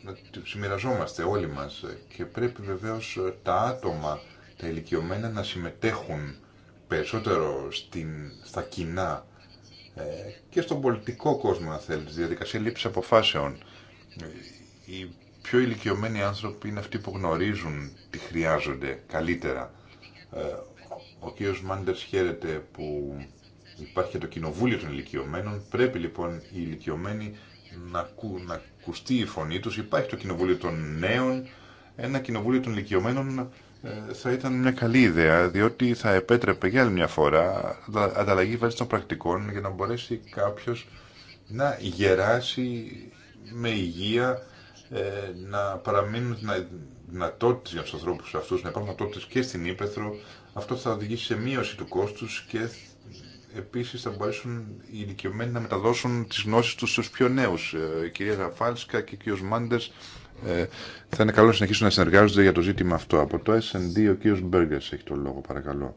να όλοι μας και πρέπει βεβαίως τα άτομα, τα ηλικιωμένα να συμμετέχουν περισσότερο στην, στα κοινά και στον πολιτικό κόσμο, αν θέλεις, διαδικασία λήψης αποφάσεων πιο ηλικιωμένοι άνθρωποι είναι αυτοί που γνωρίζουν τι χρειάζονται καλύτερα. Ε, ο κ. μάντερ χαίρεται που υπάρχει και το κοινοβούλιο των ηλικιωμένων. Πρέπει λοιπόν οι ηλικιωμένοι να, να ακουστεί η φωνή τους. Υπάρχει το κοινοβούλιο των νέων. Ένα κοινοβούλιο των ηλικιωμένων ε, θα ήταν μια καλή ιδέα, διότι θα επέτρεπε για άλλη μια φορά ανταλλαγή βάση των πρακτικών για να μπορέσει κάποιο να γεράσει με υγεία ε, να παραμείνουν δυνατότητε για του ανθρώπου αυτού, να υπάρχουν δυνατότητε και στην ύπεθρο Αυτό θα οδηγήσει σε μείωση του κόστου και επίση θα μπορέσουν οι ηλικιωμένοι να μεταδώσουν τι γνώσει του στου πιο νέου. Ε, η κυρία Ραφάλσκα και ο κ. Μάντε ε, θα είναι καλό να συνεχίσουν να συνεργάζονται για το ζήτημα αυτό. Από το S&D ο κ. Μπέργκερ έχει το λόγο, παρακαλώ.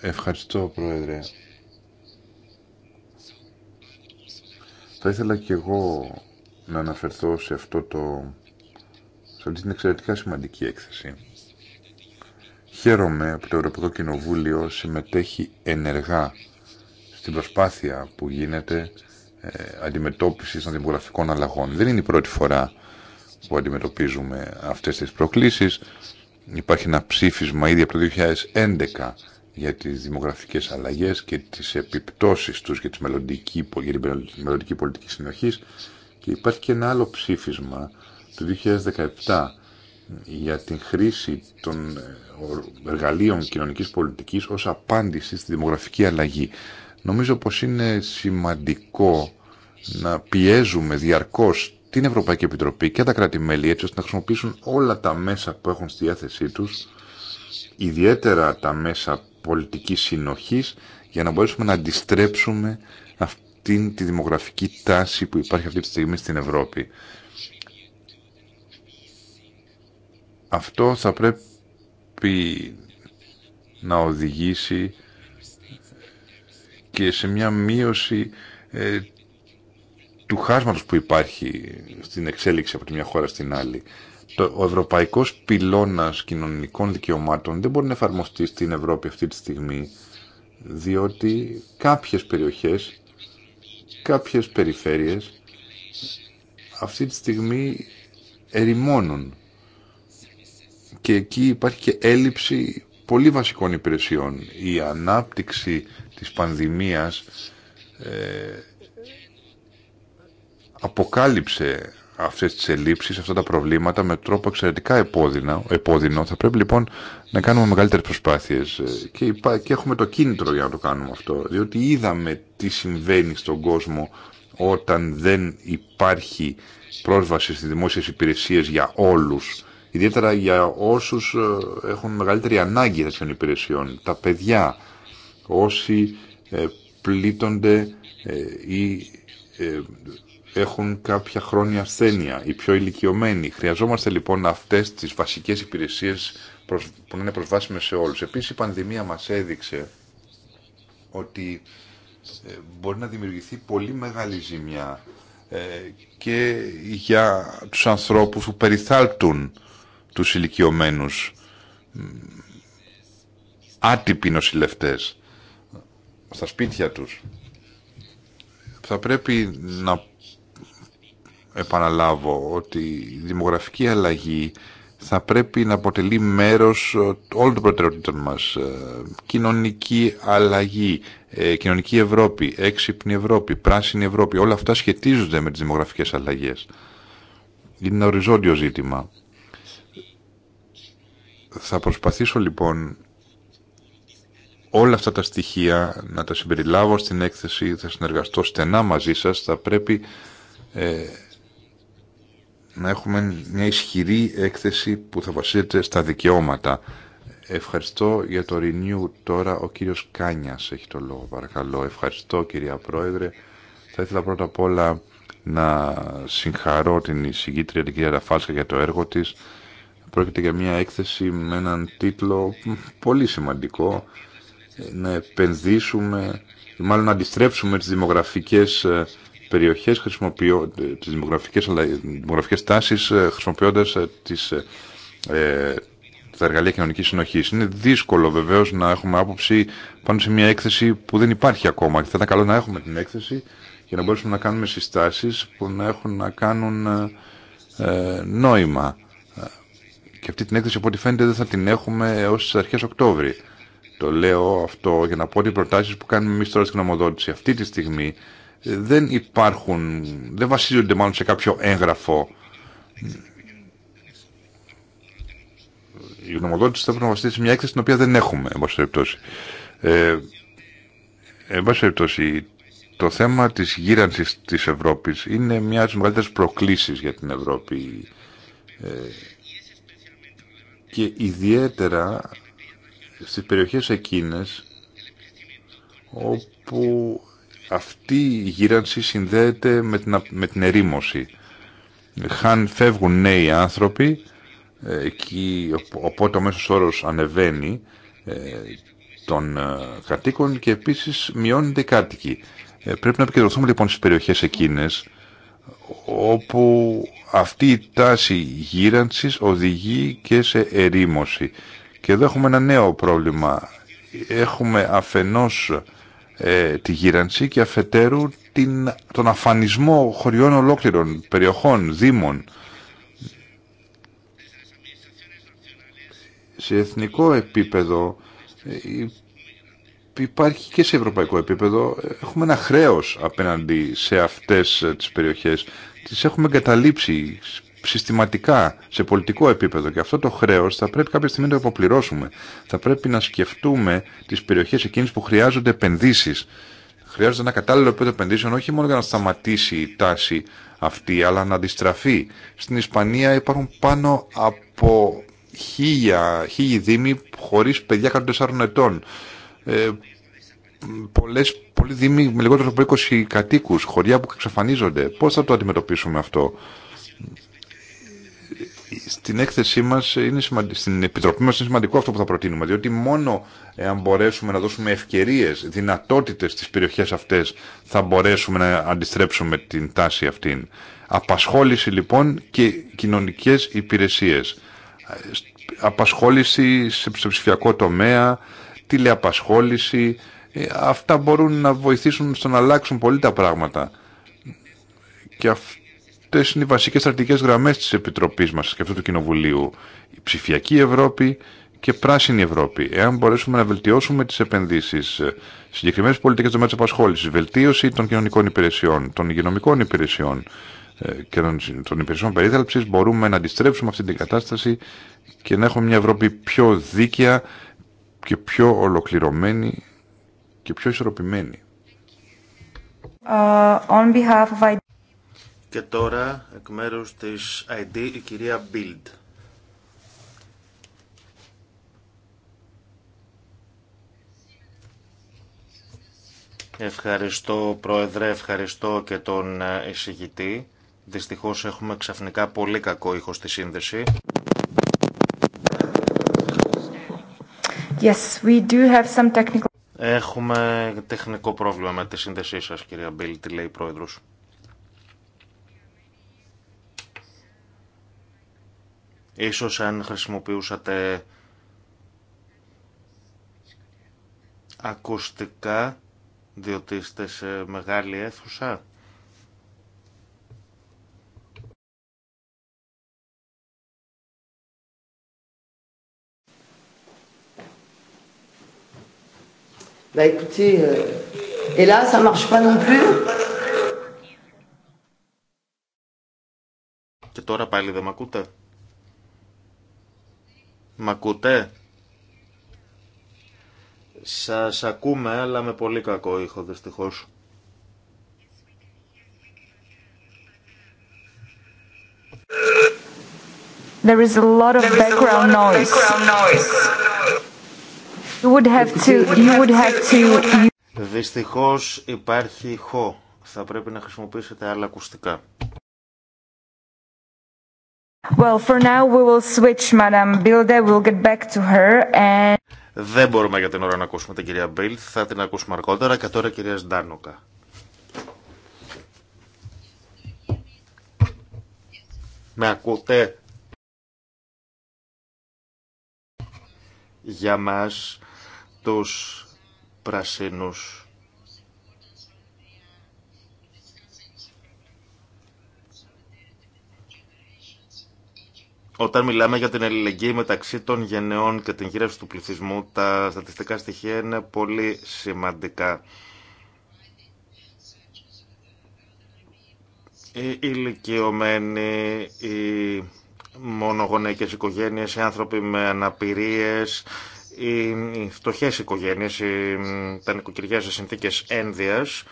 Ευχαριστώ, Πρόεδρε. Θα ήθελα και εγώ να αναφερθώ σε αυτό το σε αυτή την εξαιρετικά σημαντική έκθεση. Χαίρομαι που το Ευρωπαϊκό Κοινοβούλιο συμμετέχει ενεργά στην προσπάθεια που γίνεται αντιμετώπιση αντιμετώπισης των δημογραφικών αλλαγών. Δεν είναι η πρώτη φορά που αντιμετωπίζουμε αυτές τις προκλήσεις. Υπάρχει ένα ψήφισμα ήδη από το 2011 για τις δημογραφικές αλλαγές και τις επιπτώσεις τους για, τις μελλοντική, για πολιτική συνοχής και υπάρχει και ένα άλλο ψήφισμα του 2017 για την χρήση των ε, εργαλείων κοινωνικής πολιτικής ως απάντηση στη δημογραφική αλλαγή. Νομίζω πως είναι σημαντικό να πιέζουμε διαρκώς την Ευρωπαϊκή Επιτροπή και τα κράτη-μέλη έτσι ώστε να χρησιμοποιήσουν όλα τα μέσα που έχουν στη διάθεσή τους ιδιαίτερα τα μέσα πολιτικής συνοχής για να μπορέσουμε να αντιστρέψουμε αυτήν τη δημογραφική τάση που υπάρχει αυτή τη στιγμή στην Ευρώπη. Αυτό θα πρέπει να οδηγήσει και σε μια μείωση ε, του χάσματος που υπάρχει στην εξέλιξη από τη μια χώρα στην άλλη το, ο ευρωπαϊκός πυλώνας κοινωνικών δικαιωμάτων δεν μπορεί να εφαρμοστεί στην Ευρώπη αυτή τη στιγμή διότι κάποιες περιοχές, κάποιες περιφέρειες αυτή τη στιγμή ερημώνουν και εκεί υπάρχει και έλλειψη πολύ βασικών υπηρεσιών. Η ανάπτυξη της πανδημίας ε, αποκάλυψε Αυτέ τις ελλείψει, αυτά τα προβλήματα με τρόπο εξαιρετικά επώδυνο. επώδυνο. Θα πρέπει λοιπόν να κάνουμε μεγαλύτερες προσπάθειες ε, και, και έχουμε το κίνητρο για να το κάνουμε αυτό, διότι είδαμε τι συμβαίνει στον κόσμο όταν δεν υπάρχει πρόσβαση στι δημόσιες υπηρεσίες για όλους, ιδιαίτερα για όσους ε, έχουν μεγαλύτερη ανάγκη των υπηρεσιών, τα παιδιά, όσοι ε, πλήττονται ε, ή ε, έχουν κάποια χρόνια ασθένεια, οι πιο ηλικιωμένοι. Χρειαζόμαστε λοιπόν αυτές τις βασικές υπηρεσίες που να είναι προσβάσιμες σε όλους. Επίσης η πανδημία μας έδειξε ότι ε, μπορεί να δημιουργηθεί πολύ μεγάλη ζημιά ε, και για τους ανθρώπους που περιθάλπτουν τους ηλικιωμένου άτυποι νοσηλευτέ στα σπίτια τους. Θα πρέπει να επαναλάβω ότι η δημογραφική αλλαγή θα πρέπει να αποτελεί μέρος ε, όλων των προτεραιοτήτων μας. Ε, κοινωνική αλλαγή, ε, κοινωνική Ευρώπη, έξυπνη Ευρώπη, πράσινη Ευρώπη, όλα αυτά σχετίζονται με τις δημογραφικές αλλαγές. Είναι ένα οριζόντιο ζήτημα. Θα προσπαθήσω λοιπόν όλα αυτά τα στοιχεία να τα συμπεριλάβω στην έκθεση, θα συνεργαστώ στενά μαζί σας, θα πρέπει να έχουμε μια ισχυρή έκθεση που θα βασίζεται στα δικαιώματα. Ευχαριστώ για το Renew τώρα. Ο κύριος Κάνιας έχει το λόγο παρακαλώ. Ευχαριστώ κυρία Πρόεδρε. Θα ήθελα πρώτα απ' όλα να συγχαρώ την εισηγήτρια την κυρία Ραφάλσκα για το έργο της. Πρόκειται για μια έκθεση με έναν τίτλο πολύ σημαντικό. Να επενδύσουμε, μάλλον να αντιστρέψουμε τις δημογραφικές ε, περιοχές χρησιμοποιώ, ε, τις δημογραφικές, αλλά, δημογραφικές τάσεις ε, χρησιμοποιώντας ε, τις, ε, τα εργαλεία κοινωνικής συνοχής. Είναι δύσκολο βεβαίως να έχουμε άποψη πάνω σε μια έκθεση που δεν υπάρχει ακόμα. Θα ήταν καλό να έχουμε την έκθεση για να μπορέσουμε να κάνουμε συστάσεις που να έχουν να κάνουν ε, νόημα. Και αυτή την έκθεση από ό,τι φαίνεται δεν θα την έχουμε έως τις αρχές Οκτώβρη. Το λέω αυτό για να πω ότι οι προτάσεις που κάνουμε εμείς τώρα στην ομοδότηση αυτή τη στιγμή δεν υπάρχουν, δεν βασίζονται μάλλον σε κάποιο έγγραφο. Η γνωμοδότηση θα πρέπει να βασίζεται σε μια έκθεση την οποία δεν έχουμε, εν πάση περιπτώσει. Ε, το θέμα της γύρανσης της Ευρώπης είναι μια από τις προκλήσεις για την Ευρώπη. Ε, και ιδιαίτερα στις περιοχές εκείνες όπου αυτή η γύρανση συνδέεται με την, με την ερήμωση. Χαν φεύγουν νέοι άνθρωποι, ε, εκεί, οπότε ο μέσος όρος ανεβαίνει ε, των ε, κατοίκων και επίσης μειώνεται οι κάτοικοι. πρέπει να επικεντρωθούμε λοιπόν στις περιοχές εκείνες όπου αυτή η τάση γύρανσης οδηγεί και σε ερήμωση. Και εδώ έχουμε ένα νέο πρόβλημα. Έχουμε αφενός ε, τη γύρανση και αφετέρου την, τον αφανισμό χωριών ολόκληρων, περιοχών, δήμων. Σε εθνικό επίπεδο ε, υπάρχει και σε ευρωπαϊκό επίπεδο έχουμε ένα χρέος απέναντι σε αυτές τις περιοχές. Τις έχουμε εγκαταλείψει συστηματικά σε πολιτικό επίπεδο και αυτό το χρέο θα πρέπει κάποια στιγμή να το αποπληρώσουμε. Θα πρέπει να σκεφτούμε τι περιοχέ εκείνε που χρειάζονται επενδύσει. Χρειάζεται ένα κατάλληλο επίπεδο επενδύσεων όχι μόνο για να σταματήσει η τάση αυτή αλλά να αντιστραφεί. Στην Ισπανία υπάρχουν πάνω από χίλια, χίλιοι δήμοι χωρίς παιδιά κάτω 4 ετών. Ε, πολλές, πολλοί δήμοι με λιγότερο από 20 κατοίκους, χωριά που εξαφανίζονται. Πώς θα το αντιμετωπίσουμε αυτό στην έκθεσή μας, είναι στην επιτροπή μας είναι σημαντικό αυτό που θα προτείνουμε, διότι μόνο αν μπορέσουμε να δώσουμε ευκαιρίες, δυνατότητες στις περιοχές αυτές, θα μπορέσουμε να αντιστρέψουμε την τάση αυτήν. Απασχόληση λοιπόν και κοινωνικές υπηρεσίες. Απασχόληση σε ψηφιακό τομέα, τηλεαπασχόληση, ε, αυτά μπορούν να βοηθήσουν στο να αλλάξουν πολύ τα πράγματα. Και αυτό αυτέ είναι οι βασικέ στρατηγικέ γραμμέ τη επιτροπή μα και αυτού του Κοινοβουλίου. Η ψηφιακή Ευρώπη και πράσινη Ευρώπη. Εάν μπορέσουμε να βελτιώσουμε τι επενδύσει συγκεκριμένες πολιτικές πολιτικέ της απασχόληση, βελτίωση των κοινωνικών υπηρεσιών, των υγειονομικών υπηρεσιών ε, και των υπηρεσιών περίθαλψη, μπορούμε να αντιστρέψουμε αυτή την κατάσταση και να έχουμε μια Ευρώπη πιο δίκαια και πιο ολοκληρωμένη και πιο ισορροπημένη. Uh, on behalf of... Και τώρα, εκ μέρους της ID, η κυρία Μπίλντ. Ευχαριστώ Πρόεδρε, ευχαριστώ και τον ε, εισηγητή. Δυστυχώς έχουμε ξαφνικά πολύ κακό ήχο στη σύνδεση. Yes, we do have some technical... Έχουμε τεχνικό πρόβλημα με τη σύνδεσή σας, κυρία Μπίλ, τη λέει η Πρόεδρος. Ίσως αν χρησιμοποιούσατε ακουστικά, διότι είστε σε μεγάλη αίθουσα. Και τώρα πάλι δεν με ακούτε. Μ' ακούτε? Σας ακούμε, αλλά με πολύ κακό ήχο, δυστυχώς. There is a lot of background noise. You would have to... You would have to... Δυστυχώς υπάρχει ηχό. Θα πρέπει να χρησιμοποιήσετε άλλα ακουστικά. Well, for now we will switch, Madam Bilde. We'll get back to her and... Δεν μπορούμε για την ώρα να ακούσουμε την κυρία Μπίλ. Θα την ακούσουμε αργότερα και τώρα κυρία Σντάνοκα. Με ακούτε. Για μας τους πρασίνους Όταν μιλάμε για την ελληνική μεταξύ των γενεών και την γύρευση του πληθυσμού, τα στατιστικά στοιχεία είναι πολύ σημαντικά. Οι ηλικιωμένοι, οι μονογονέικες οικογένειες, οι άνθρωποι με αναπηρίες, οι φτωχές οικογένειες, τα νοικοκυριά σε συνθήκες ένδυας,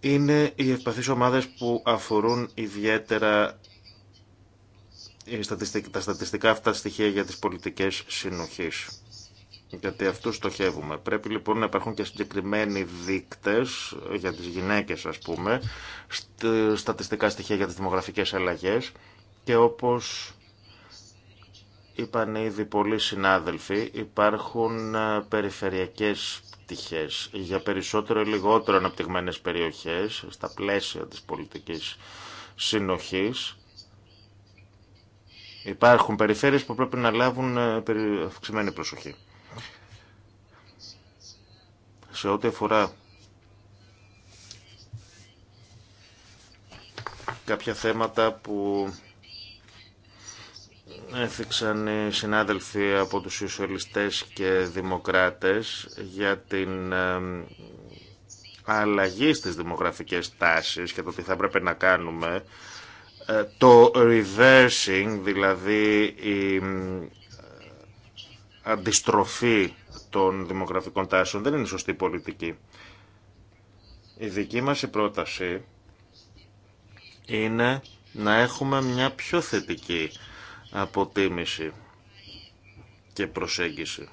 είναι οι ευπαθείς ομάδες που αφορούν ιδιαίτερα τα στατιστικά αυτά στοιχεία για τις πολιτικές συνοχής. Γιατί αυτού στοχεύουμε. Πρέπει λοιπόν να υπάρχουν και συγκεκριμένοι δείκτες για τις γυναίκες ας πούμε, στατιστικά στοιχεία για τις δημογραφικές αλλαγές και όπως είπαν ήδη πολλοί συνάδελφοι, υπάρχουν ε, περιφερειακές πτυχές για περισσότερο ή λιγότερο αναπτυγμένες περιοχές στα πλαίσια της πολιτικής συνοχής Υπάρχουν περιφέρειες που πρέπει να λάβουν ε, αυξημένη προσοχή. Σε ό,τι αφορά κάποια θέματα που έθιξαν οι συνάδελφοι από τους ισοελιστές και δημοκράτες για την ε, αλλαγή στις δημογραφικές τάσεις και το τι θα πρέπει να κάνουμε ε, το reversing, δηλαδή η ε, αντιστροφή των δημογραφικών τάσεων, δεν είναι σωστή πολιτική. Η δική μας η πρόταση είναι να έχουμε μια πιο θετική αποτίμηση και προσέγγιση.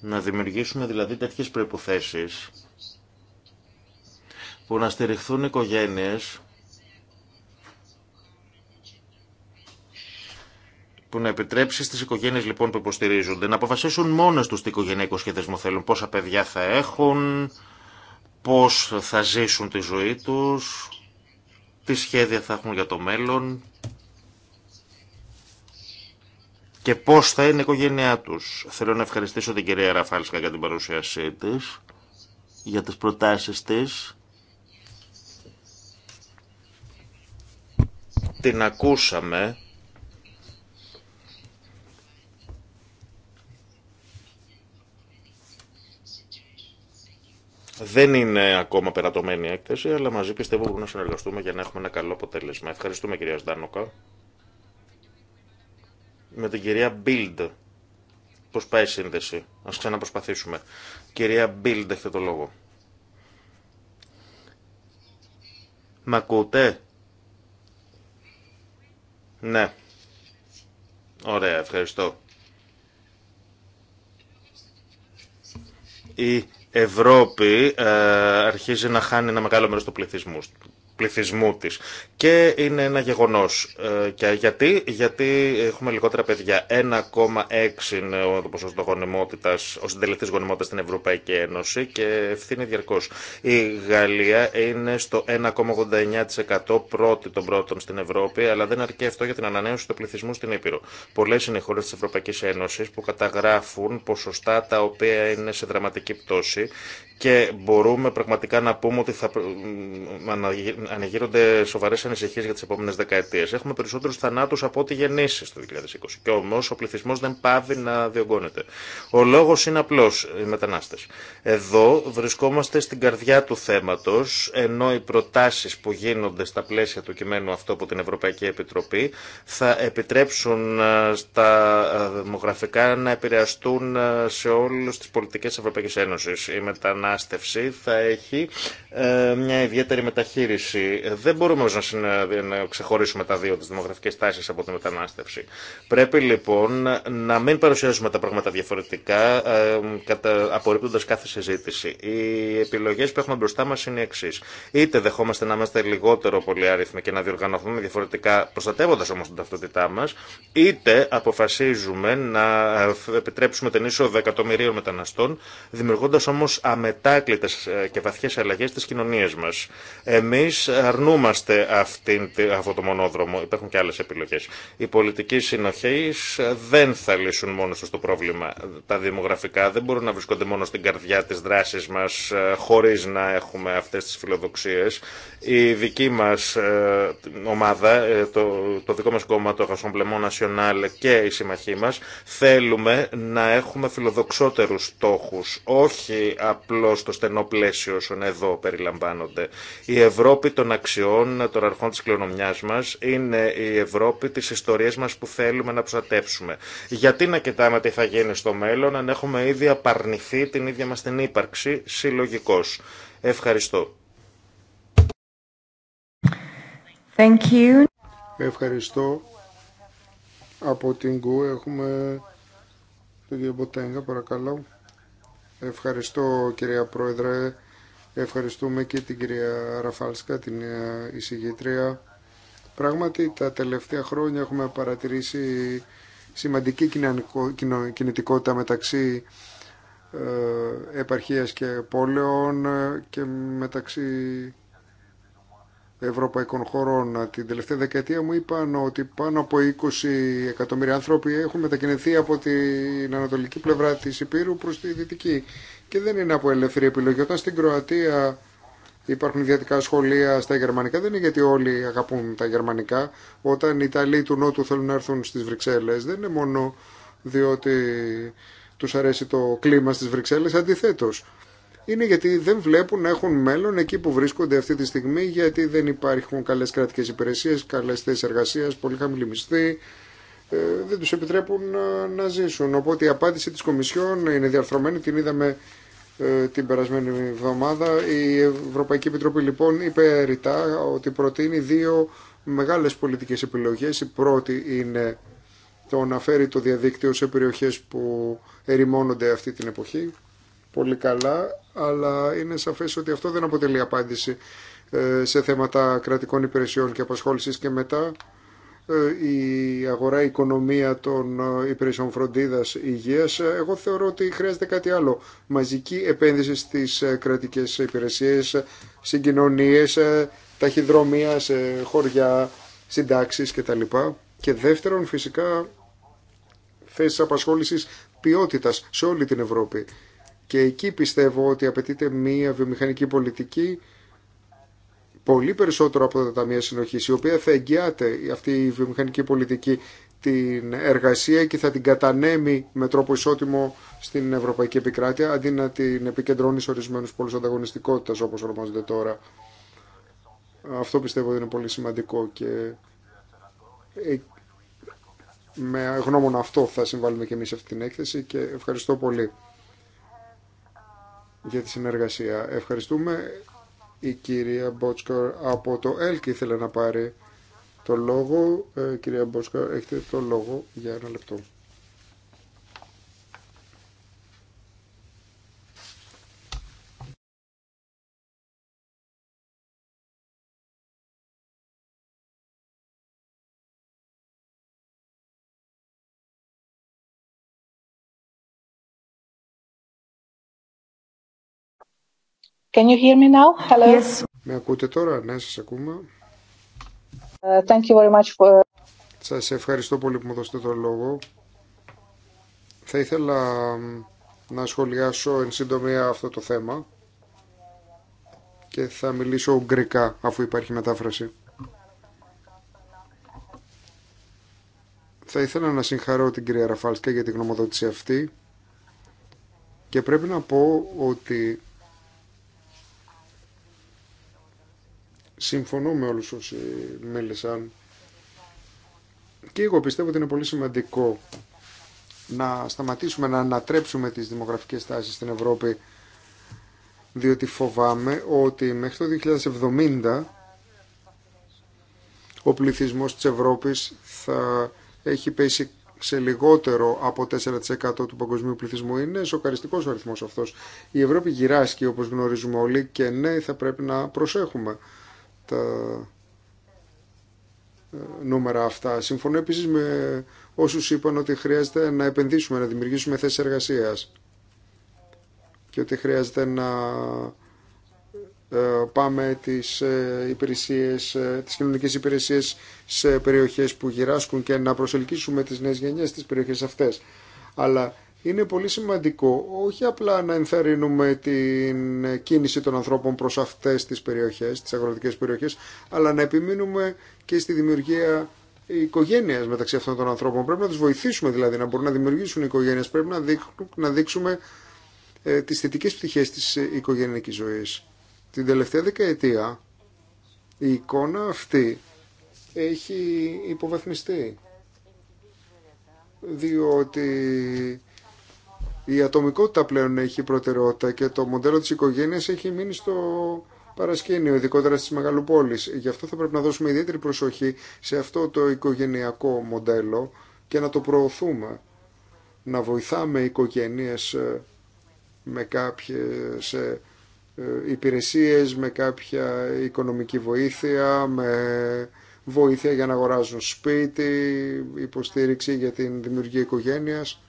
Να δημιουργήσουμε δηλαδή τέτοιες προϋποθέσεις που να στηριχθούν οικογένειες που να επιτρέψει στις οικογένειες λοιπόν που υποστηρίζονται να αποφασίσουν μόνες τους τι οικογενειακό σχεδιασμό θέλουν, πόσα παιδιά θα έχουν, πώς θα ζήσουν τη ζωή τους, τι σχέδια θα έχουν για το μέλλον και πώς θα είναι η οικογένειά τους. Θέλω να ευχαριστήσω την κυρία Ραφάλσκα για την παρουσίασή της, για τις προτάσεις της την ακούσαμε Δεν είναι ακόμα περατωμένη η έκθεση, αλλά μαζί πιστεύω μπορούμε να συνεργαστούμε για να έχουμε ένα καλό αποτέλεσμα. Ευχαριστούμε κυρία Σντάνοκα. Με την κυρία Build. Πώς πάει η σύνδεση. Ας ξαναπροσπαθήσουμε. Κυρία Build, έχετε το λόγο. Μ' ακούτε. Ναι. Ωραία, ευχαριστώ. Η Ευρώπη ε, αρχίζει να χάνει ένα μεγάλο μέρος του πληθυσμού πληθυσμού της. Και είναι ένα γεγονός. Ε, γιατί, γιατί έχουμε λιγότερα παιδιά. 1,6 είναι το ποσοστό γονιμότητας, ο συντελεστής γονιμότητας στην Ευρωπαϊκή Ένωση και ευθύνει διαρκώς. Η Γαλλία είναι στο 1,89% πρώτη των πρώτων στην Ευρώπη, αλλά δεν αρκεί αυτό για την ανανέωση του πληθυσμού στην Ήπειρο. Πολλές είναι οι χώρες της Ευρωπαϊκής Ένωσης που καταγράφουν ποσοστά τα οποία είναι σε δραματική πτώση και μπορούμε πραγματικά να πούμε ότι θα ανεγείρονται σοβαρέ ανησυχίε για τι επόμενε δεκαετίε. Έχουμε περισσότερου θανάτου από ό,τι γεννήσει το 2020. Και όμω ο πληθυσμό δεν πάβει να διωγγώνεται. Ο λόγο είναι απλό, οι μετανάστε. Εδώ βρισκόμαστε στην καρδιά του θέματο, ενώ οι προτάσει που γίνονται στα πλαίσια του κειμένου αυτό από την Ευρωπαϊκή Επιτροπή θα επιτρέψουν ε, στα ε, δημογραφικά να επηρεαστούν ε, σε όλε τι πολιτικέ Ευρωπαϊκή Ένωση. Η μετανάστευση θα έχει μια ιδιαίτερη μεταχείριση μετανάστευση. Ε, δεν μπορούμε να ξεχωρίσουμε τα δύο, τις δημογραφικές τάσεις από τη μετανάστευση. Πρέπει λοιπόν να μην παρουσιάζουμε τα πράγματα διαφορετικά, ε, απορρίπτοντας κάθε συζήτηση. Οι επιλογές που έχουμε μπροστά μας είναι οι εξή. Είτε δεχόμαστε να είμαστε λιγότερο πολυάριθμοι και να διοργανωθούμε διαφορετικά, προστατεύοντας όμως την ταυτότητά μας, είτε αποφασίζουμε να ε, επιτρέψουμε την είσοδο εκατομμυρίων μεταναστών, δημιουργώντας όμως αμετάκλητες και βαθιές αλλαγές στις κοινωνίες μας. Εμείς αρνούμαστε αυτό το μονόδρομο. Υπάρχουν και άλλε επιλογέ. Οι πολιτικοί συνοχή δεν θα λύσουν μόνο του το πρόβλημα. Τα δημογραφικά δεν μπορούν να βρίσκονται μόνο στην καρδιά τη δράση μα ε, χωρί να έχουμε αυτέ τι φιλοδοξίε. Η δική μα ε, ομάδα, ε, το, το δικό μα κόμμα, το Rassemblement Νασιονάλ και η συμμαχή μα, θέλουμε να έχουμε φιλοδοξότερου στόχου. Όχι απλώ το στενό πλαίσιο όσων εδώ περιλαμβάνονται. Η Ευρώπη των αξιών των αρχών της κληρονομιάς μας είναι η Ευρώπη της ιστορίας μας που θέλουμε να προστατεύσουμε. Γιατί να κοιτάμε τι θα γίνει στο μέλλον αν έχουμε ήδη απαρνηθεί την ίδια μας την ύπαρξη συλλογικώς. Ευχαριστώ. Thank you. Ευχαριστώ. Από την ΚΟΥ έχουμε τον κύριο Μποτέγκα, παρακαλώ. Ευχαριστώ κυρία Πρόεδρε. Ευχαριστούμε και την κυρία Ραφάλσκα, την ε, εισηγήτρια. Πράγματι, τα τελευταία χρόνια έχουμε παρατηρήσει σημαντική κινητικότητα μεταξύ ε, επαρχίας και πόλεων ε, και μεταξύ ευρωπαϊκών χωρών την τελευταία δεκαετία μου είπαν ότι πάνω από 20 εκατομμύρια άνθρωποι έχουν μετακινηθεί από την ανατολική πλευρά της Υπήρου προς τη δυτική και δεν είναι από ελεύθερη επιλογή. Όταν στην Κροατία υπάρχουν ιδιωτικά σχολεία στα γερμανικά δεν είναι γιατί όλοι αγαπούν τα γερμανικά. Όταν οι Ιταλοί του Νότου θέλουν να έρθουν στις Βρυξέλλες δεν είναι μόνο διότι τους αρέσει το κλίμα στις Βρυξέλλες, αντιθέτω είναι γιατί δεν βλέπουν να έχουν μέλλον εκεί που βρίσκονται αυτή τη στιγμή γιατί δεν υπάρχουν καλές κρατικές υπηρεσίες, καλές θέσεις εργασίας, πολύ χαμηλή μισθή, ε, δεν τους επιτρέπουν να ζήσουν. Οπότε η απάντηση της Κομισιόν είναι διαρθρωμένη, την είδαμε ε, την περασμένη εβδομάδα. Η Ευρωπαϊκή Επιτροπή λοιπόν είπε ρητά ότι προτείνει δύο μεγάλες πολιτικές επιλογές. Η πρώτη είναι το να φέρει το διαδίκτυο σε περιοχές που ερημώνονται αυτή την εποχή πολύ καλά, αλλά είναι σαφές ότι αυτό δεν αποτελεί απάντηση ε, σε θέματα κρατικών υπηρεσιών και απασχόλησης και μετά ε, η αγορά, η οικονομία των ε, υπηρεσιών φροντίδας υγείας. Εγώ θεωρώ ότι χρειάζεται κάτι άλλο. Μαζική επένδυση στις κρατικές υπηρεσίες, συγκοινωνίες, ταχυδρομεία σε χωριά, συντάξεις κτλ. Και δεύτερον φυσικά θέσεις απασχόλησης ποιότητας σε όλη την Ευρώπη. Και εκεί πιστεύω ότι απαιτείται μια βιομηχανική πολιτική πολύ περισσότερο από τα ταμεία συνοχής, η οποία θα εγγυάται αυτή η βιομηχανική πολιτική την εργασία και θα την κατανέμει με τρόπο ισότιμο στην ευρωπαϊκή επικράτεια, αντί να την επικεντρώνει σε ορισμένους πόλους ανταγωνιστικότητας, όπως ονομάζονται τώρα. Αυτό πιστεύω ότι είναι πολύ σημαντικό και ε, με γνώμονα αυτό θα συμβάλλουμε και εμείς σε αυτή την έκθεση και ευχαριστώ πολύ για τη συνεργασία. Ευχαριστούμε. Η κυρία Μπότσκορ από το ΕΛΚ ήθελε να πάρει το λόγο. Ε, κυρία Μπότσκορ, έχετε το λόγο για ένα λεπτό. Can you hear me now? Hello? Yes. Με ακούτε τώρα, ναι, σας ακούμε. Uh, thank you very much for... Σας ευχαριστώ πολύ που μου δώσετε το λόγο. Θα ήθελα να σχολιάσω εν συντομία αυτό το θέμα και θα μιλήσω ουγγρικά αφού υπάρχει μετάφραση. Θα ήθελα να συγχαρώ την κυρία Ραφάλσκα για την γνωμοδότηση αυτή και πρέπει να πω ότι Συμφωνώ με όλους όσοι μίλησαν και εγώ πιστεύω ότι είναι πολύ σημαντικό να σταματήσουμε να ανατρέψουμε τις δημογραφικές τάσεις στην Ευρώπη διότι φοβάμαι ότι μέχρι το 2070 ο πληθυσμός της Ευρώπης θα έχει πέσει σε λιγότερο από 4% του παγκοσμίου πληθυσμού. Είναι σοκαριστικός ο αριθμός αυτός. Η Ευρώπη γυράσκει όπως γνωρίζουμε όλοι και ναι θα πρέπει να προσέχουμε τα ε, νούμερα αυτά. Συμφωνώ επίση με όσους είπαν ότι χρειάζεται να επενδύσουμε, να δημιουργήσουμε θέσει εργασία. και ότι χρειάζεται να ε, πάμε τις ε, υπηρεσίες, τις κοινωνικές υπηρεσίες σε περιοχές που γυράσκουν και να προσελκύσουμε τις νέες γενιές στις περιοχές αυτές. Αλλά είναι πολύ σημαντικό όχι απλά να ενθαρρύνουμε την κίνηση των ανθρώπων προς αυτές τις περιοχές, τις αγροτικές περιοχές, αλλά να επιμείνουμε και στη δημιουργία οικογένεια μεταξύ αυτών των ανθρώπων. Πρέπει να του βοηθήσουμε δηλαδή να μπορούν να δημιουργήσουν οικογένειε. Πρέπει να, δείξουμε, να δείξουμε ε, τι θετικέ πτυχέ τη ε, οικογενειακή ζωή. Την τελευταία δεκαετία η εικόνα αυτή έχει υποβαθμιστεί διότι η ατομικότητα πλέον έχει προτεραιότητα και το μοντέλο της οικογένειας έχει μείνει στο παρασκήνιο, ειδικότερα στις μεγαλοπόλεις. Γι' αυτό θα πρέπει να δώσουμε ιδιαίτερη προσοχή σε αυτό το οικογενειακό μοντέλο και να το προωθούμε. Να βοηθάμε οικογένειες ε, με κάποιες ε, ε, υπηρεσίες, με κάποια οικονομική βοήθεια, με βοήθεια για να αγοράζουν σπίτι, υποστήριξη για την δημιουργία οικογένειας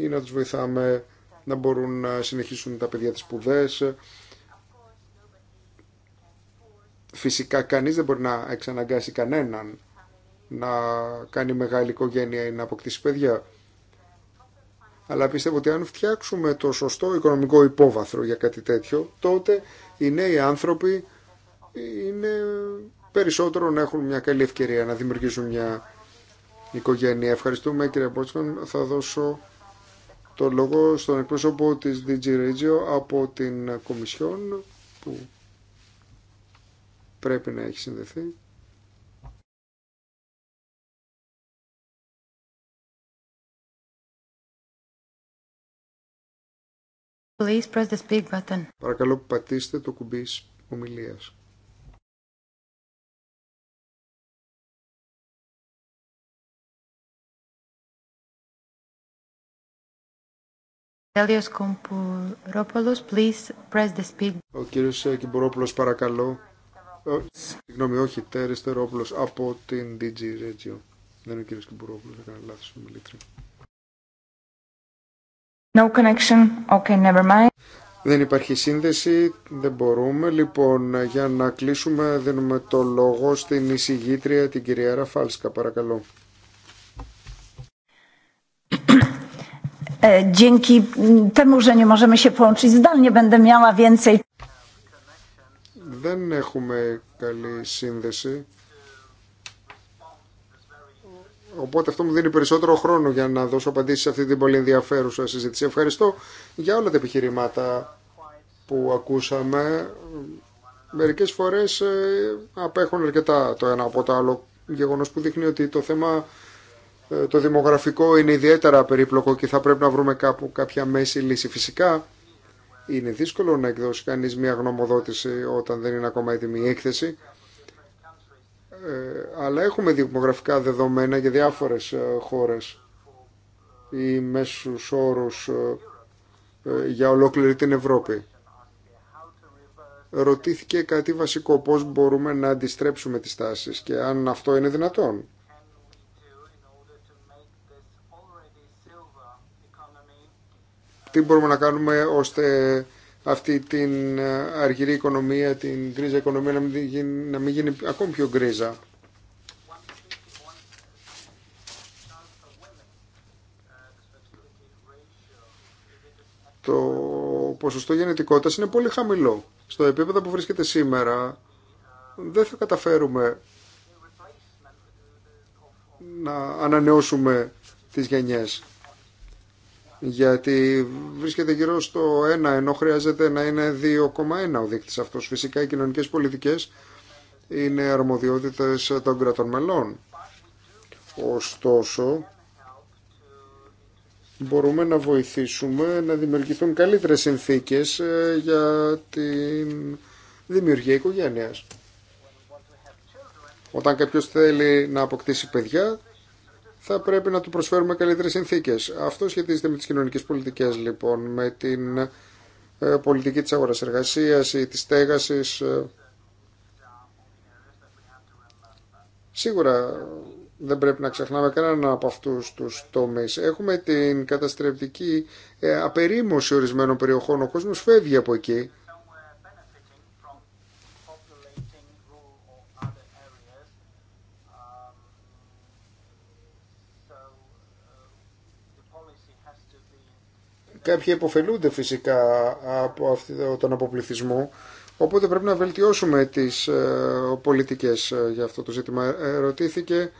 ή να τους βοηθάμε να μπορούν να συνεχίσουν τα παιδιά τις σπουδέ. Φυσικά κανείς δεν μπορεί να εξαναγκάσει κανέναν να κάνει μεγάλη οικογένεια ή να αποκτήσει παιδιά. Αλλά πιστεύω ότι αν φτιάξουμε το σωστό οικονομικό υπόβαθρο για κάτι τέτοιο, τότε οι νέοι άνθρωποι είναι περισσότερο να έχουν μια καλή ευκαιρία να δημιουργήσουν μια οικογένεια. Ευχαριστούμε κύριε Μπότσκον. Θα δώσω το λόγο στον εκπρόσωπο της DG Regio από την Κομισιόν που πρέπει να έχει συνδεθεί. Please press the speak button. Παρακαλώ πατήστε το κουμπί ομιλίας. Ο κύριος ε, Κυμπορόπουλος, παρακαλώ. Συγγνώμη, όχι, Τέριστερόπουλος από την DG Radio. Δεν είναι ο κύριος Κυμπορόπουλος, έκανα λάθος ομιλήτρια. No connection. Okay, never mind. Δεν υπάρχει σύνδεση, δεν μπορούμε. Λοιπόν, για να κλείσουμε, δίνουμε το λόγο στην εισηγήτρια, την κυρία Ραφάλσκα, παρακαλώ. E, dzięki mm, temu, że nie możemy się połączyć zdalnie, będę miała więcej. Δεν έχουμε καλή σύνδεση. Οπότε αυτό μου δίνει περισσότερο χρόνο για να δώσω απαντήσει σε αυτή την πολύ ενδιαφέρουσα συζήτηση. Ευχαριστώ για όλα τα επιχειρημάτα που ακούσαμε. Μερικές φορές ε, απέχουν αρκετά το ένα από το άλλο γεγονός που δείχνει ότι το θέμα ε, το δημογραφικό είναι ιδιαίτερα περίπλοκο και θα πρέπει να βρούμε κάπου κάποια μέση λύση. Φυσικά είναι δύσκολο να εκδώσει κανείς μια γνωμοδότηση όταν δεν είναι ακόμα έτοιμη η έκθεση. Ε, αλλά έχουμε δημογραφικά δεδομένα για διάφορες ε, χώρες ή μέσους όρους ε, ε, για ολόκληρη την Ευρώπη. Ρωτήθηκε κάτι βασικό, πώς μπορούμε να αντιστρέψουμε τις τάσεις και αν αυτό είναι δυνατόν. τι μπορούμε να κάνουμε ώστε αυτή την αργυρή οικονομία, την γκρίζα οικονομία να μην γίνει, να μην γίνει ακόμη πιο γκρίζα. Το ποσοστό γενετικότητας είναι πολύ χαμηλό. Στο επίπεδο που βρίσκεται σήμερα δεν θα καταφέρουμε να ανανεώσουμε τις γενιές γιατί βρίσκεται γύρω στο 1 ενώ χρειάζεται να είναι 2,1 ο δείκτης αυτός. Φυσικά οι κοινωνικές πολιτικές είναι αρμοδιότητες των κρατών μελών. Ωστόσο, μπορούμε να βοηθήσουμε να δημιουργηθούν καλύτερες συνθήκες ε, για τη δημιουργία οικογένειας. Όταν κάποιος θέλει να αποκτήσει παιδιά, θα πρέπει να του προσφέρουμε καλύτερες συνθήκες. Αυτό σχετίζεται με τις κοινωνικές πολιτικές λοιπόν, με την ε, πολιτική της αγοράς εργασίας ή της στέγασης. Ε. Σίγουρα δεν πρέπει να ξεχνάμε κανέναν από αυτούς τους τομείς. Έχουμε την καταστρεπτική ε, απερίμωση ορισμένων περιοχών. Ο κόσμος φεύγει από εκεί. Κάποιοι υποφελούνται φυσικά από αυτή, τον αποπληθισμό, οπότε πρέπει να βελτιώσουμε τις ε, πολιτικές ε, για αυτό το ζήτημα. Ε, ερωτήθηκε,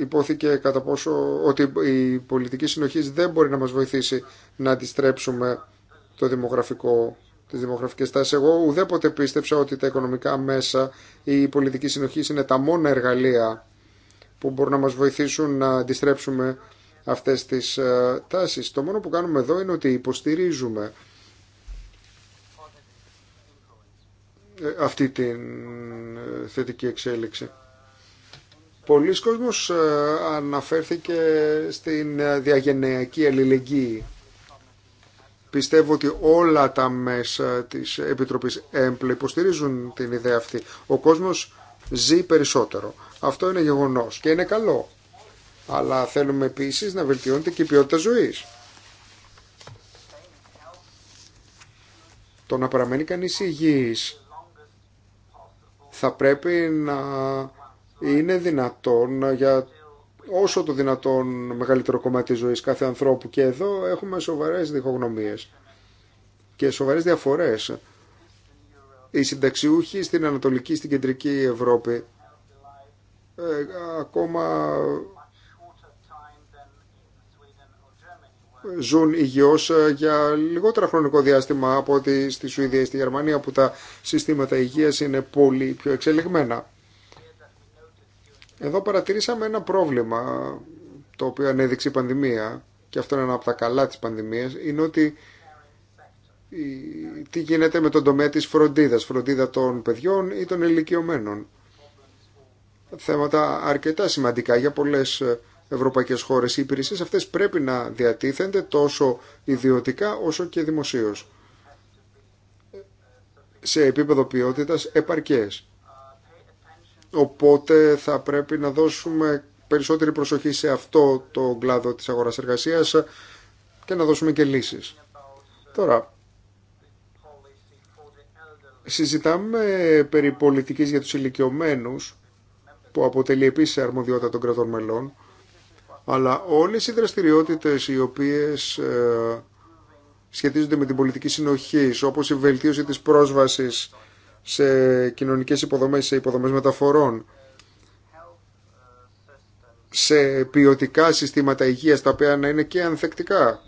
υπόθηκε κατά πόσο ότι η πολιτική συνοχή δεν μπορεί να μας βοηθήσει να αντιστρέψουμε το δημογραφικό τις δημογραφικές τάσεις. Εγώ ουδέποτε πίστεψα ότι τα οικονομικά μέσα ή η πολιτική συνοχή είναι τα μόνα εργαλεία που μπορούν να μας βοηθήσουν να αντιστρέψουμε αυτές τις ε, τάσεις. Το μόνο που κάνουμε εδώ είναι ότι υποστηρίζουμε ε, αυτή την ε, θετική εξέλιξη. Πολλοί κόσμος αναφέρθηκε στην διαγενειακή αλληλεγγύη. Πιστεύω ότι όλα τα μέσα της Επιτροπής ΕΜΠΛΕ υποστηρίζουν την ιδέα αυτή. Ο κόσμος ζει περισσότερο. Αυτό είναι γεγονός και είναι καλό αλλά θέλουμε επίσης να βελτιώνεται και η ποιότητα ζωής. Το να παραμένει κανείς υγιής θα πρέπει να είναι δυνατόν για όσο το δυνατόν μεγαλύτερο κομμάτι της ζωής κάθε ανθρώπου και εδώ έχουμε σοβαρές διχογνωμίες και σοβαρές διαφορές. Οι συνταξιούχοι στην Ανατολική, στην Κεντρική Ευρώπη ε, ακόμα ζουν υγιώς ε, για λιγότερα χρονικό διάστημα από ότι στη Σουηδία ή στη Γερμανία που τα συστήματα υγείας είναι πολύ πιο εξελιγμένα. Εδώ παρατηρήσαμε ένα πρόβλημα το οποίο ανέδειξε η πανδημία και αυτό είναι ένα από τα καλά της πανδημίας είναι ότι τι γίνεται με τον τομέα της φροντίδας, φροντίδα των παιδιών ή των ηλικιωμένων. Θέματα αρκετά σημαντικά για πολλές ε, ευρωπαϊκές χώρες. Οι υπηρεσίες αυτές πρέπει να διατίθενται τόσο ιδιωτικά όσο και δημοσίως σε επίπεδο ποιότητας επαρκές. Οπότε θα πρέπει να δώσουμε περισσότερη προσοχή σε αυτό το κλάδο της αγοράς εργασίας και να δώσουμε και λύσεις. Τώρα, συζητάμε περί πολιτικής για τους ηλικιωμένους που αποτελεί επίσης αρμοδιότητα των κρατών μελών αλλά όλες οι δραστηριότητες οι οποίες ε, σχετίζονται με την πολιτική συνοχή, όπως η βελτίωση της πρόσβασης σε κοινωνικές υποδομές, σε υποδομές μεταφορών, σε ποιοτικά συστήματα υγείας τα οποία να είναι και ανθεκτικά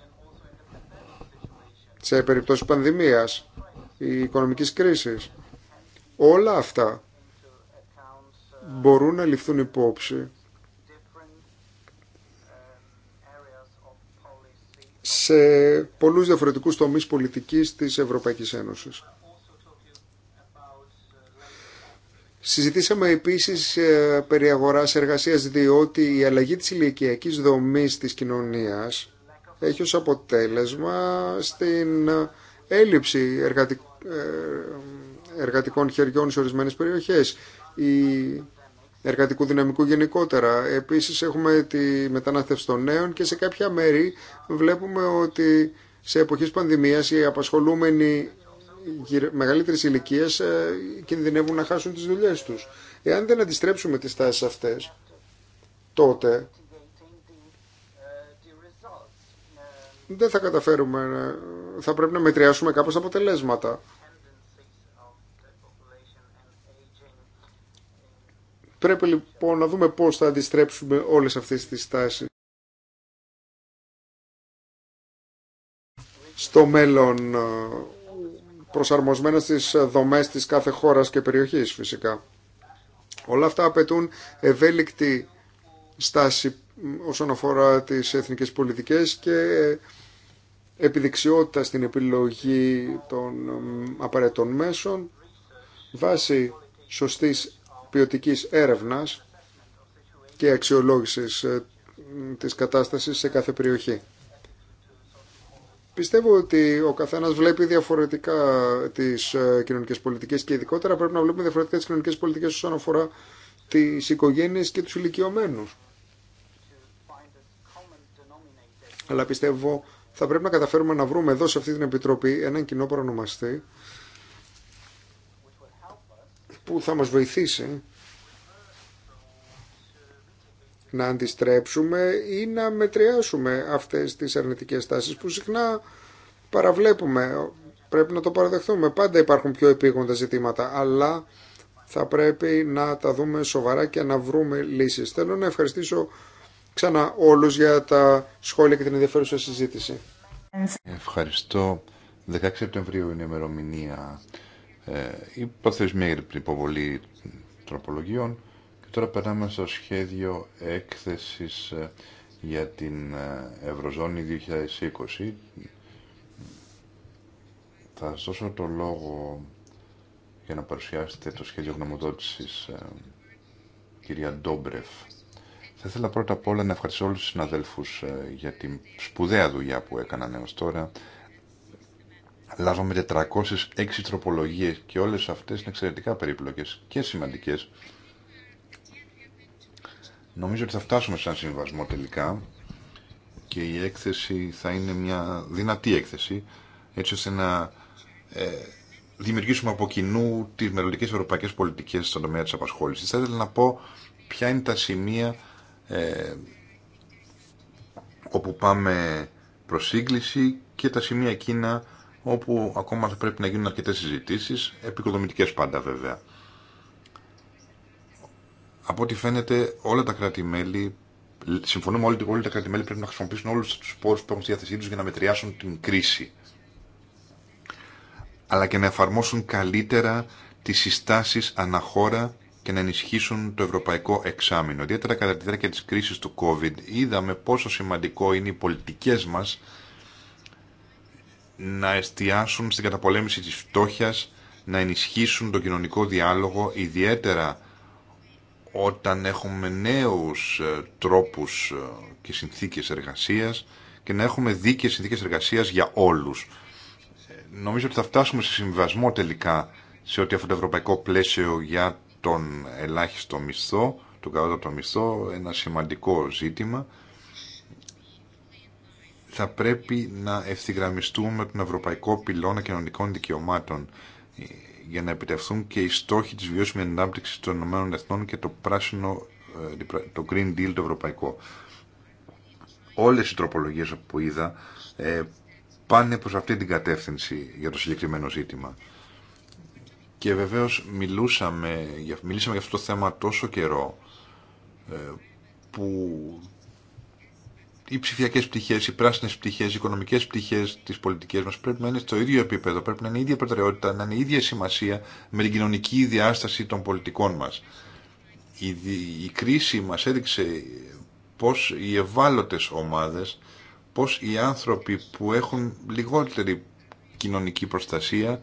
σε περιπτώσεις πανδημίας ή οικονομικής κρίσης. Όλα αυτά μπορούν να ληφθούν υπόψη σε πολλούς διαφορετικούς τομείς πολιτικής της Ευρωπαϊκής Ένωσης. Συζητήσαμε επίσης ε, περί αγοράς εργασίας διότι η αλλαγή της ηλικιακής δομής της κοινωνίας έχει ως αποτέλεσμα στην έλλειψη ε, εργατικών χεριών σε ορισμένες περιοχές. Η εργατικού δυναμικού γενικότερα. Επίσης έχουμε τη μετανάστευση των νέων και σε κάποια μέρη βλέπουμε ότι σε εποχές πανδημίας οι απασχολούμενοι μεγαλύτερης ηλικία ε, κινδυνεύουν να χάσουν τις δουλειές τους. Εάν δεν αντιστρέψουμε τις τάσεις αυτές, τότε δεν θα καταφέρουμε, θα πρέπει να μετριάσουμε κάπως αποτελέσματα. Πρέπει λοιπόν να δούμε πώς θα αντιστρέψουμε όλες αυτές τις στάσεις Στο μέλλον ε, προσαρμοσμένα στις δομές της κάθε χώρας και περιοχής φυσικά. Όλα αυτά απαιτούν ευέλικτη στάση όσον αφορά τις εθνικές πολιτικές και ε, επιδεξιότητα στην επιλογή των απαραίτητων μέσων βάσει σωστής ποιοτικής έρευνας και αξιολόγησης ε, της κατάστασης σε κάθε περιοχή. Πιστεύω ότι ο καθένας βλέπει διαφορετικά τις ε, κοινωνικές πολιτικές και ειδικότερα πρέπει να βλέπουμε διαφορετικά τις κοινωνικές πολιτικές όσον αφορά τις οικογένειες και τους ηλικιωμένους. Αλλά πιστεύω θα πρέπει να καταφέρουμε να βρούμε εδώ σε αυτή την Επιτροπή έναν κοινό παρονομαστή που θα μας βοηθήσει να αντιστρέψουμε ή να μετριάσουμε αυτές τις αρνητικές τάσεις που συχνά παραβλέπουμε. Πρέπει να το παραδεχθούμε. Πάντα υπάρχουν πιο επίγοντα ζητήματα, αλλά θα πρέπει να τα δούμε σοβαρά και να βρούμε λύσεις. Θέλω να ευχαριστήσω ξανά όλους για τα σχόλια και την ενδιαφέρουσα συζήτηση. Ευχαριστώ. 16 Σεπτεμβρίου είναι η ημερομηνία ε, η υποθεσμία για την υποβολή τροπολογιών και τώρα περνάμε στο σχέδιο έκθεσης ε, για την ε, Ευρωζώνη 2020 θα σας δώσω το λόγο για να παρουσιάσετε το σχέδιο γνωμοδότησης κυρία Ντόμπρεφ θα ήθελα πρώτα απ' όλα να ευχαριστήσω όλους τους συναδέλφους για την σπουδαία δουλειά που έκαναν έως τώρα λάβαμε 406 τροπολογίες και όλες αυτές είναι εξαιρετικά περίπλοκες και σημαντικές. Νομίζω ότι θα φτάσουμε ένα συμβασμό τελικά και η έκθεση θα είναι μια δυνατή έκθεση έτσι ώστε να ε, δημιουργήσουμε από κοινού τις μελλοντικέ ευρωπαϊκές πολιτικές στον τομέα της απασχόλησης. Θα ήθελα να πω ποια είναι τα σημεία ε, όπου πάμε προς σύγκληση και τα σημεία εκείνα όπου ακόμα θα πρέπει να γίνουν αρκετές συζητήσεις, επικοδομητικές πάντα βέβαια. Από ό,τι φαίνεται όλα τα κράτη-μέλη, συμφωνούμε όλοι, όλοι τα κράτη-μέλη πρέπει να χρησιμοποιήσουν όλους τους πόρους που έχουν στη διάθεσή τους για να μετριάσουν την κρίση. Αλλά και να εφαρμόσουν καλύτερα τις συστάσεις αναχώρα και να ενισχύσουν το ευρωπαϊκό εξάμεινο. Ιδιαίτερα κατά τη διάρκεια της κρίσης του COVID είδαμε πόσο σημαντικό είναι οι πολιτικές μας να εστιάσουν στην καταπολέμηση της φτώχειας, να ενισχύσουν τον κοινωνικό διάλογο, ιδιαίτερα όταν έχουμε νέους ε, τρόπους ε, και συνθήκες εργασίας και να έχουμε δίκαιες συνθήκες εργασίας για όλους. Νομίζω ότι θα φτάσουμε σε συμβασμό τελικά σε ό,τι αφορά το ευρωπαϊκό πλαίσιο για τον ελάχιστο μισθό, τον κατώτατο μισθό, ένα σημαντικό ζήτημα θα πρέπει να ευθυγραμμιστούμε τον Ευρωπαϊκό Πυλώνα Κοινωνικών Δικαιωμάτων ε, για να επιτευχθούν και οι στόχοι της βιώσιμης ανάπτυξη των ΗΕ και το πράσινο, ε, το Green Deal το ευρωπαϊκό. Όλες οι τροπολογίες που είδα ε, πάνε προς αυτή την κατεύθυνση για το συγκεκριμένο ζήτημα. Και βεβαίως μιλούσαμε, μιλήσαμε για αυτό το θέμα τόσο καιρό που οι ψηφιακέ πτυχέ, οι πράσινε πτυχέ, οι οικονομικέ πτυχέ τη πολιτική μα πρέπει να είναι στο ίδιο επίπεδο, πρέπει να είναι η ίδια προτεραιότητα, να είναι η ίδια σημασία με την κοινωνική διάσταση των πολιτικών μα. Η, η κρίση μα έδειξε πώ οι ευάλωτε ομάδε, πώ οι άνθρωποι που έχουν λιγότερη κοινωνική προστασία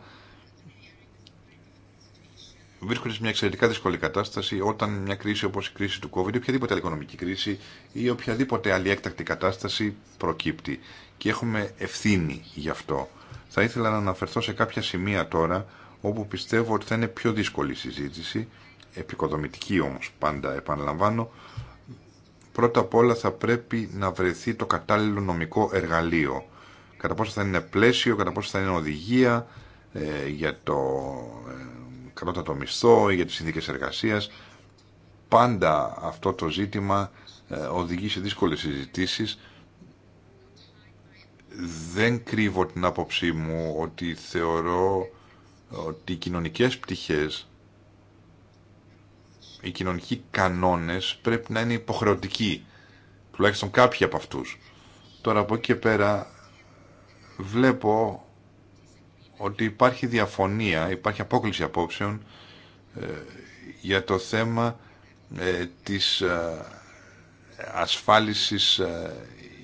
βρίσκονται σε μια εξαιρετικά δύσκολη κατάσταση όταν μια κρίση όπω η κρίση του COVID, οποιαδήποτε άλλη οικονομική κρίση ή οποιαδήποτε άλλη έκτακτη κατάσταση προκύπτει. Και έχουμε ευθύνη γι' αυτό. Θα ήθελα να αναφερθώ σε κάποια σημεία τώρα όπου πιστεύω ότι θα είναι πιο δύσκολη η συζήτηση, επικοδομητική όμως πάντα επαναλαμβάνω. Πρώτα απ' όλα θα πρέπει να βρεθεί το κατάλληλο νομικό εργαλείο. Κατά πόσο θα είναι πλαίσιο, ομω παντα επαναλαμβανω πόσο θα είναι οδηγία ε, για το ε, κατώτατο μισθό ή για τις συνθήκες εργασίας. Πάντα αυτό το ζήτημα ε, οδηγεί σε δύσκολες συζητήσεις. Δεν κρύβω την άποψή μου ότι θεωρώ ότι οι κοινωνικές πτυχές, οι κοινωνικοί κανόνες πρέπει να είναι υποχρεωτικοί, τουλάχιστον κάποιοι από αυτούς. Τώρα από εκεί και πέρα βλέπω ότι υπάρχει διαφωνία, υπάρχει απόκληση απόψεων ε, για το θέμα ε, της ε, ασφάλισης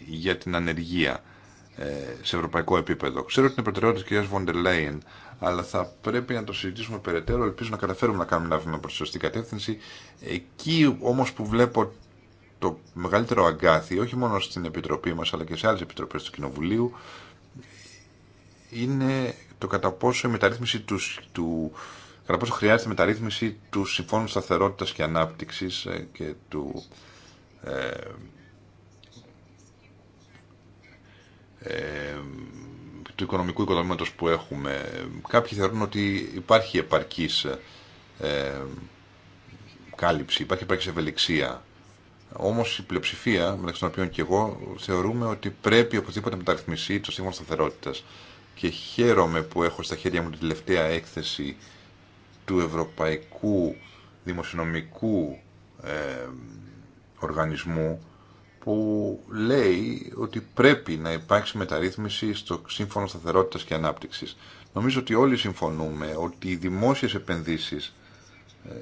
για την ανεργία σε ευρωπαϊκό επίπεδο. Ξέρω ότι είναι προτεραιότητα της κυρίας Βοντελέιν αλλά θα πρέπει να το συζητήσουμε περαιτέρω. Ελπίζω να καταφέρουμε να κάνουμε ένα βήμα προς τη σωστή κατεύθυνση. Εκεί όμως που βλέπω το μεγαλύτερο αγκάθι, όχι μόνο στην Επιτροπή μας, αλλά και σε άλλες επιτροπές του Κοινοβουλίου, είναι το κατά πόσο, μεταρρύθμιση του, του, κατά πόσο χρειάζεται μεταρρύθμιση του Συμφώνου σταθερότητα και Ανάπτυξης ε, και του... Ε, ε οικονομικού οικοδομήματος που έχουμε. Κάποιοι θεωρούν ότι υπάρχει επαρκής ε, κάλυψη, υπάρχει επαρκής ευελιξία. Όμως η πλειοψηφία, μεταξύ των οποίων και εγώ, θεωρούμε ότι πρέπει οπωσδήποτε να μεταρρυθμιστεί το σύμφωνο σταθερότητας και χαίρομαι που έχω στα χέρια μου την τελευταία έκθεση του Ευρωπαϊκού Δημοσιονομικού ε, Οργανισμού που λέει ότι πρέπει να υπάρξει μεταρρύθμιση στο Σύμφωνο Σταθερότητας και Ανάπτυξης. Νομίζω ότι όλοι συμφωνούμε ότι οι δημόσιες επενδύσεις ε,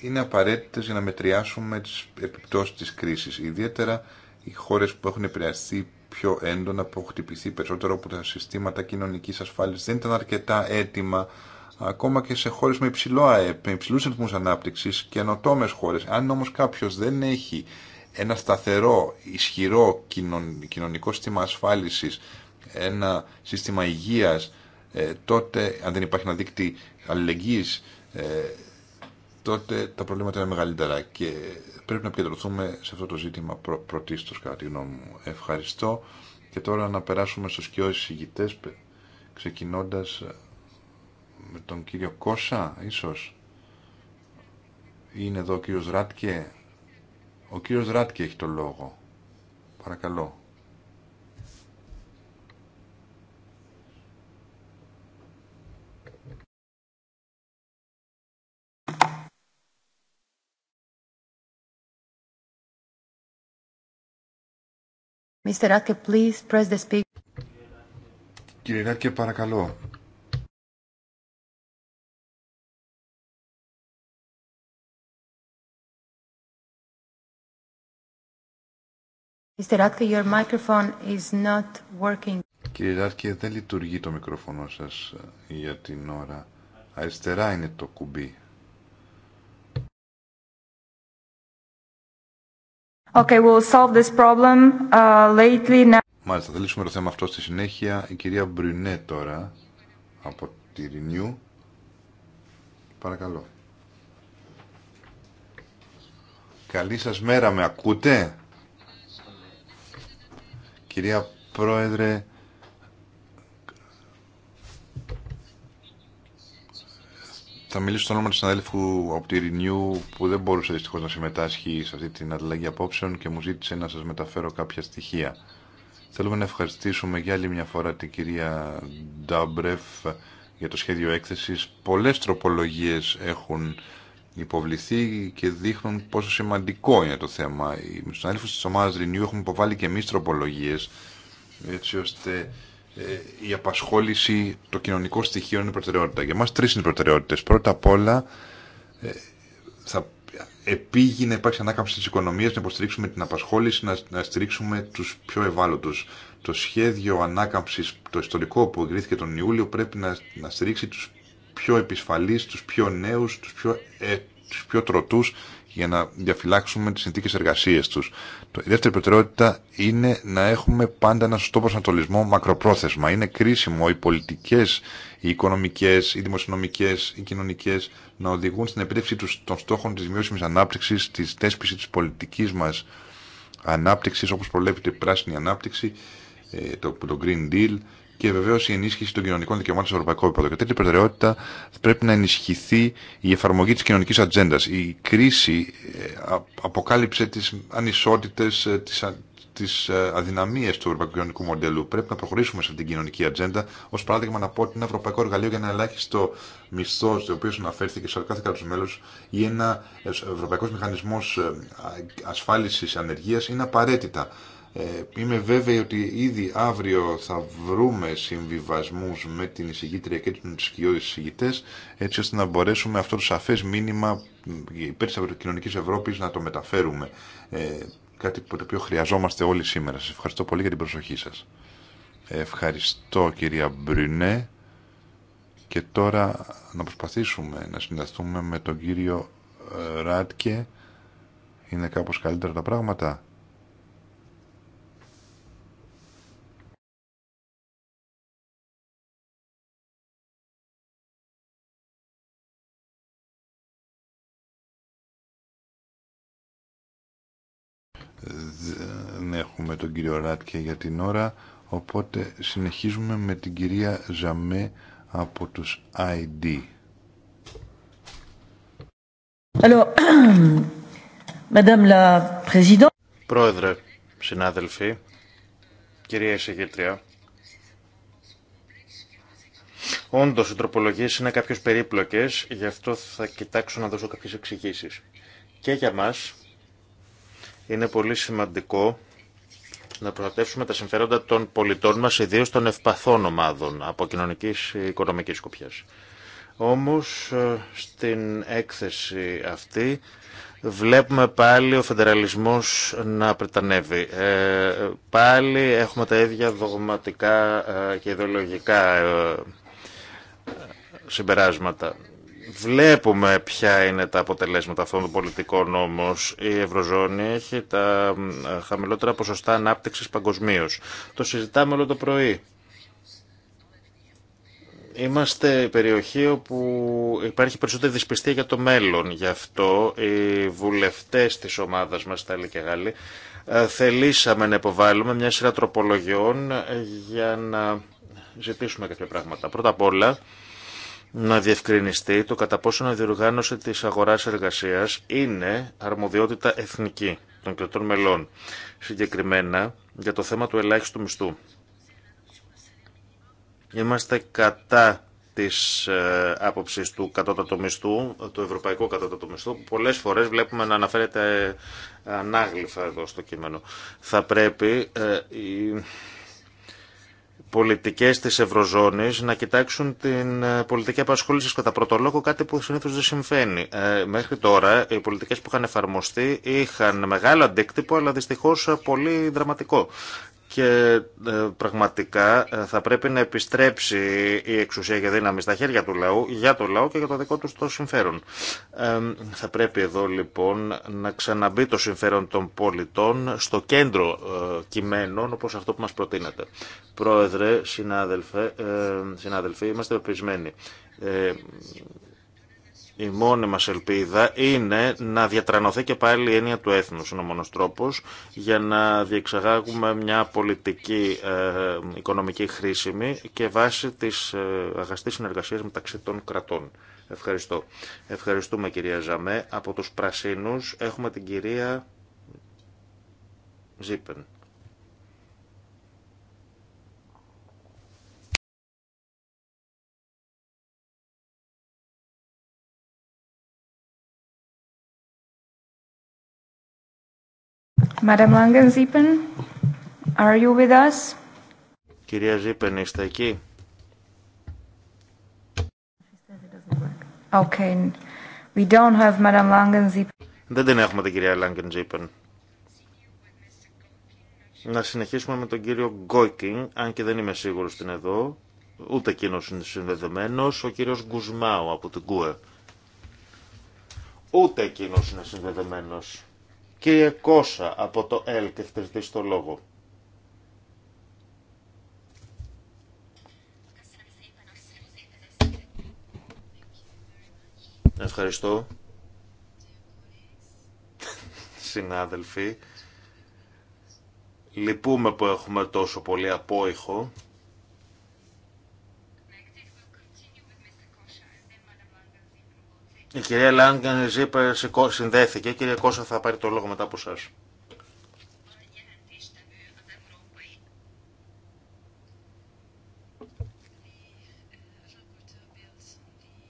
είναι απαραίτητες για να μετριάσουμε τις επιπτώσεις της κρίσης, ιδιαίτερα οι χώρες που έχουν επηρεαστεί πιο έντονα, που χτυπηθεί περισσότερο από τα συστήματα κοινωνικής ασφάλισης. Δεν ήταν αρκετά έτοιμα, ακόμα και σε χώρες με, υψηλό με υψηλούς ρυθμούς ανάπτυξης, χώρες. Αν όμως κάποιος δεν έχει ένα σταθερό, ισχυρό κοινωνικό σύστημα ασφάλισης, ένα σύστημα υγείας, ε, τότε αν δεν υπάρχει ένα δίκτυο αλληλεγγύης, ε, τότε τα προβλήματα είναι μεγαλύτερα και πρέπει να επικεντρωθούμε σε αυτό το ζήτημα προ, πρωτίστως κατά τη γνώμη μου. Ευχαριστώ και τώρα να περάσουμε στους κοιόδης ηγητές ξεκινώντας ε, με τον κύριο Κόσα ίσως. Είναι εδώ ο κύριος Ράτκε. Ο κύριος Ράτκε έχει το λόγο. Παρακαλώ. Mr. Radke, please press the speak. Κύριε Ράτκε, παρακαλώ. Mr. Ratke, your microphone is not working. Κύριε Ράτκε, δεν λειτουργεί το μικρόφωνο σας ε, για την ώρα. Αριστερά είναι το κουμπί. Okay, we'll solve this problem uh, lately now. Μάλιστα, θα λύσουμε το θέμα αυτό στη συνέχεια. Η κυρία Μπρουνέ τώρα από τη Renew. Παρακαλώ. Καλή σας μέρα, με ακούτε? Κυρία Πρόεδρε, Θα μιλήσω στο όνομα του συναδέλφου από τη Renew που δεν μπορούσε δυστυχώ να συμμετάσχει σε αυτή την αλλαγή απόψεων και μου ζήτησε να σα μεταφέρω κάποια στοιχεία. Θέλουμε να ευχαριστήσουμε για άλλη μια φορά την κυρία Ντάμπρεφ για το σχέδιο έκθεσης. Πολλέ τροπολογίες έχουν υποβληθεί και δείχνουν πόσο σημαντικό είναι το θέμα. Οι συναδέλφου τη ομάδα Renew έχουν υποβάλει και εμεί τροπολογίε, έτσι ώστε ε, η απασχόληση, το κοινωνικό στοιχείο είναι προτεραιότητα. Για μας τρεις είναι προτεραιότητες. Πρώτα απ' όλα ε, θα επίγει να υπάρξει ανάκαμψη της οικονομίας, να υποστηρίξουμε την απασχόληση, να, να στηρίξουμε τους πιο ευάλωτους. Το σχέδιο ανάκαμψης, το ιστορικό που εγκρίθηκε τον Ιούλιο, πρέπει να, να στηρίξει τους πιο επισφαλείς, τους πιο νέους, τους πιο, ε, τους πιο τροτούς για να διαφυλάξουμε τις συνθήκες εργασίες τους. Η δεύτερη προτεραιότητα είναι να έχουμε πάντα ένα σωστό προσανατολισμό μακροπρόθεσμα. Είναι κρίσιμο οι πολιτικέ, οι οικονομικέ, οι δημοσιονομικέ, οι κοινωνικέ να οδηγούν στην επίτευξη των στόχων τη βιώσιμη ανάπτυξη, τη θέσπιση τη πολιτική μα ανάπτυξη, όπω προβλέπεται η πράσινη ανάπτυξη, ε, το, το Green Deal, και βεβαίω η ενίσχυση των κοινωνικών δικαιωμάτων στο ευρωπαϊκό επίπεδο. Και τρίτη προτεραιότητα πρέπει να ενισχυθεί η εφαρμογή τη κοινωνική ατζέντα. Η κρίση ε, αποκάλυψε τι ανισότητε, ε, τι ε, αδυναμίε του ευρωπαϊκού κοινωνικού μοντέλου. Πρέπει να προχωρήσουμε σε αυτήν την κοινωνική ατζέντα. Ω παράδειγμα, να πω ότι ένα ευρωπαϊκό εργαλείο για ένα ελάχιστο μισθό, το οποίο αναφέρθηκε σε κάθε κράτο μέλο, ή ένα ευρωπαϊκό μηχανισμό ασφάλιση ανεργία είναι απαραίτητα. Ε, είμαι βέβαιη ότι ήδη αύριο θα βρούμε συμβιβασμούς με την εισηγήτρια και τους σκιώδεις εισηγητές έτσι ώστε να μπορέσουμε αυτό το σαφές μήνυμα υπέρ της κοινωνικής Ευρώπης να το μεταφέρουμε. Ε, κάτι που το οποίο χρειαζόμαστε όλοι σήμερα. Σας ευχαριστώ πολύ για την προσοχή σας. Ευχαριστώ κυρία Μπρινέ και τώρα να προσπαθήσουμε να συνδεθούμε με τον κύριο Ράτκε. Είναι κάπως καλύτερα τα πράγματα. τον κύριο Ράτκε για την ώρα, οπότε συνεχίζουμε με την κυρία Ζαμέ από τους ID. Alors, [clears throat] Πρόεδρε, συνάδελφοι, κυρία εισηγήτρια, όντως οι τροπολογίε είναι κάποιες περίπλοκες γι' αυτό θα κοιτάξω να δώσω κάποιες εξηγήσεις Και για μας είναι πολύ σημαντικό να προστατεύσουμε τα συμφέροντα των πολιτών μας, ιδίω των ευπαθών ομάδων από κοινωνικής ή οικονομικής Όμω, Όμως ε, στην έκθεση αυτή βλέπουμε πάλι ο φεντεραλισμός να πρετανεύει. Ε, πάλι έχουμε τα ίδια δογματικά ε, και ιδεολογικά συμπεράσματα. Βλέπουμε ποια είναι τα αποτελέσματα αυτών των πολιτικών όμω. Η Ευρωζώνη έχει τα χαμηλότερα ποσοστά ανάπτυξη παγκοσμίω. Το συζητάμε όλο το πρωί. Είμαστε η περιοχή όπου υπάρχει περισσότερη δυσπιστία για το μέλλον. Γι' αυτό οι βουλευτές της ομάδας μας, Ταλή και ε, θελήσαμε να υποβάλουμε μια σειρά τροπολογιών για να ζητήσουμε κάποια πράγματα. Πρώτα απ' όλα, να διευκρινιστεί το κατά πόσο η διοργάνωση της αγοράς εργασίας είναι αρμοδιότητα εθνική των κρατών μελών, συγκεκριμένα για το θέμα του ελάχιστου μισθού. Είμαστε κατά της ε, άποψης του κατώτατου μισθού, του ευρωπαϊκού κατώτατου μισθού, που πολλές φορές βλέπουμε να αναφέρεται ε, ανάγλυφα εδώ στο κείμενο. Θα πρέπει ε, πολιτικές της Ευρωζώνης να κοιτάξουν την ε, πολιτική απασχόληση κατά πρώτο λόγο, κάτι που συνήθως δεν συμβαίνει. Ε, μέχρι τώρα οι πολιτικές που είχαν εφαρμοστεί είχαν μεγάλο αντίκτυπο, αλλά δυστυχώς πολύ δραματικό και ε, πραγματικά ε, θα πρέπει να επιστρέψει η εξουσία και δύναμη στα χέρια του λαού, για το λαό και για το δικό του το συμφέρον. Ε, θα πρέπει εδώ λοιπόν να ξαναμπεί το συμφέρον των πολιτών στο κέντρο ε, κειμένων όπως αυτό που μας προτείνεται. Πρόεδρε, συνάδελφε, ε, συνάδελφοι, είμαστε πεπισμένοι η μόνη μας ελπίδα είναι να διατρανωθεί και πάλι η έννοια του έθνους. Είναι ο μόνος τρόπος για να διεξαγάγουμε μια πολιτική ε, οικονομική χρήσιμη και βάση της ε, αγαστής συνεργασίας μεταξύ των κρατών. Ευχαριστώ. Ευχαριστούμε κυρία Ζαμέ. Από τους Πρασίνους έχουμε την κυρία Ζήπεν. Langen are you Κυρία Ζήπεν, είστε εκεί. Okay. Δεν την έχουμε την κυρία Langen -Zippen. Να συνεχίσουμε με τον κύριο Γκόικινγκ, αν και δεν είμαι σίγουρος την εδώ, ούτε εκείνο είναι συνδεδεμένο. ο κύριο Γκουσμάου από την ΚΟΕ. Ούτε εκείνο είναι συνδεδεμένο. Κύριε εκόσα από το ΕΛΚ, και στο στο λόγο. Ευχαριστώ. Συνάδελφοι, λυπούμε που έχουμε τόσο πολύ απόϊχο. Η κυρία Λάγκεν Ζήπερ ε, συνδέθηκε. Η κυρία Κώσσα θα πάρει το λόγο μετά από εσάς.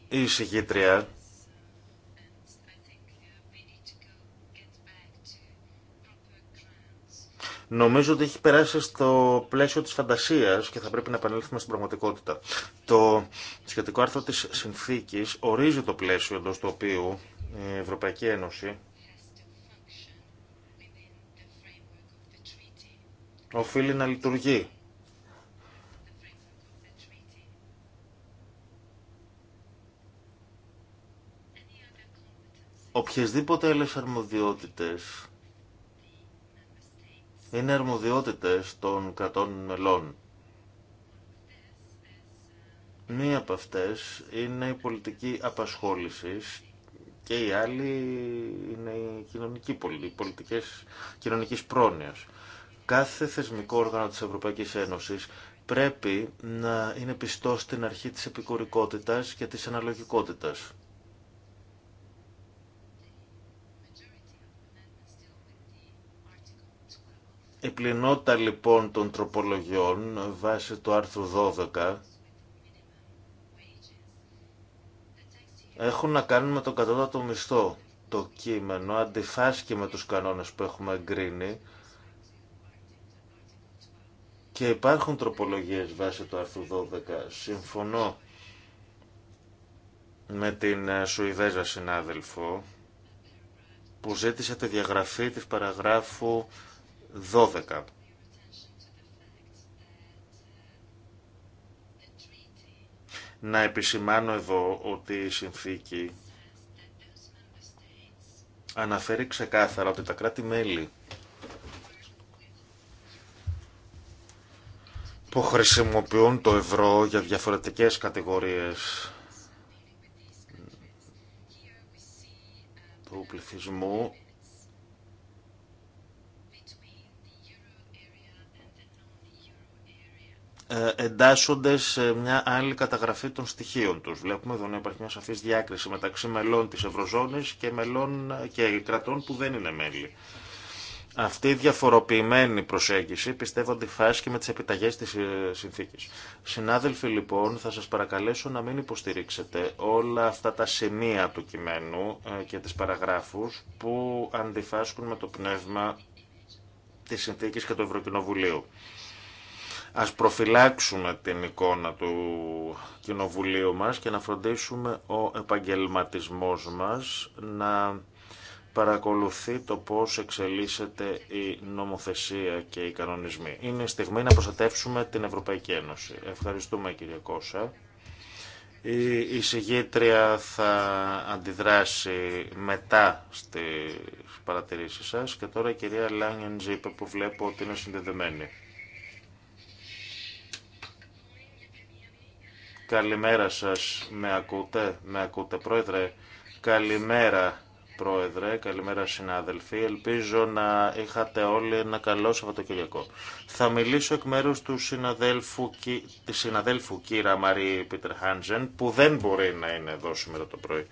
Η συγκήτρια νομίζω ότι έχει περάσει στο πλαίσιο της φαντασίας και θα πρέπει να επανέλθουμε στην πραγματικότητα. Το σχετικό άρθρο της συνθήκης ορίζει το πλαίσιο εντός του οποίου η Ευρωπαϊκή Ένωση οφείλει να λειτουργεί. Οποιασδήποτε άλλες αρμοδιότητες είναι αρμοδιότητες των κρατών μελών. Μία από αυτές είναι η πολιτική απασχόλησης και η άλλη είναι η κοινωνική πολιτική, πολιτικές κοινωνικής πρόνοιας. Κάθε θεσμικό όργανο της Ευρωπαϊκής Ένωσης πρέπει να είναι πιστό στην αρχή της επικουρικότητας και της αναλογικότητας. Η πληνότητα λοιπόν των τροπολογιών βάσει το άρθρου 12 έχουν να κάνουν με τον κατώτατο μισθό. Το κείμενο αντιφάσκει με τους κανόνες που έχουμε εγκρίνει και υπάρχουν τροπολογίες βάσει το άρθρου 12. Συμφωνώ με την ε, Σουηδέζα συνάδελφο που ζήτησε τη διαγραφή της παραγράφου 12. Να επισημάνω εδώ ότι η συνθήκη αναφέρει ξεκάθαρα ότι τα κράτη-μέλη που χρησιμοποιούν το ευρώ για διαφορετικές κατηγορίες του πληθυσμού Ε, εντάσσονται σε μια άλλη καταγραφή των στοιχείων τους. Βλέπουμε εδώ να υπάρχει μια σαφής διάκριση μεταξύ μελών της Ευρωζώνης και, μελών και κρατών που δεν είναι μέλη. Αυτή η διαφοροποιημένη προσέγγιση πιστεύω αντιφάσκει με τις επιταγές της ε, συνθήκης. Συνάδελφοι λοιπόν θα σας παρακαλέσω να μην υποστηρίξετε όλα αυτά τα σημεία του κειμένου ε, και τις παραγράφους που αντιφάσκουν με το πνεύμα της συνθήκης και του Ευρωκοινοβουλίου. Ας προφυλάξουμε την εικόνα του κοινοβουλίου μας και να φροντίσουμε ο επαγγελματισμός μας να παρακολουθεί το πώς εξελίσσεται η νομοθεσία και οι κανονισμοί. Είναι στιγμή να προστατεύσουμε την Ευρωπαϊκή Ένωση. Ευχαριστούμε κύριε Κώσα. Η εισηγήτρια θα αντιδράσει μετά στις παρατηρήσεις σας και τώρα η κυρία Λάγεν που βλέπω ότι είναι συνδεδεμένη. Καλημέρα σας. Με ακούτε, με ακούτε πρόεδρε. Καλημέρα πρόεδρε, καλημέρα συνάδελφοι. Ελπίζω να είχατε όλοι ένα καλό Σαββατοκυριακό. Θα μιλήσω εκ μέρους του συναδέλφου, της συναδέλφου κύρα Μαρή Πίτερ Χάντζεν που δεν μπορεί να είναι εδώ σήμερα το πρωί.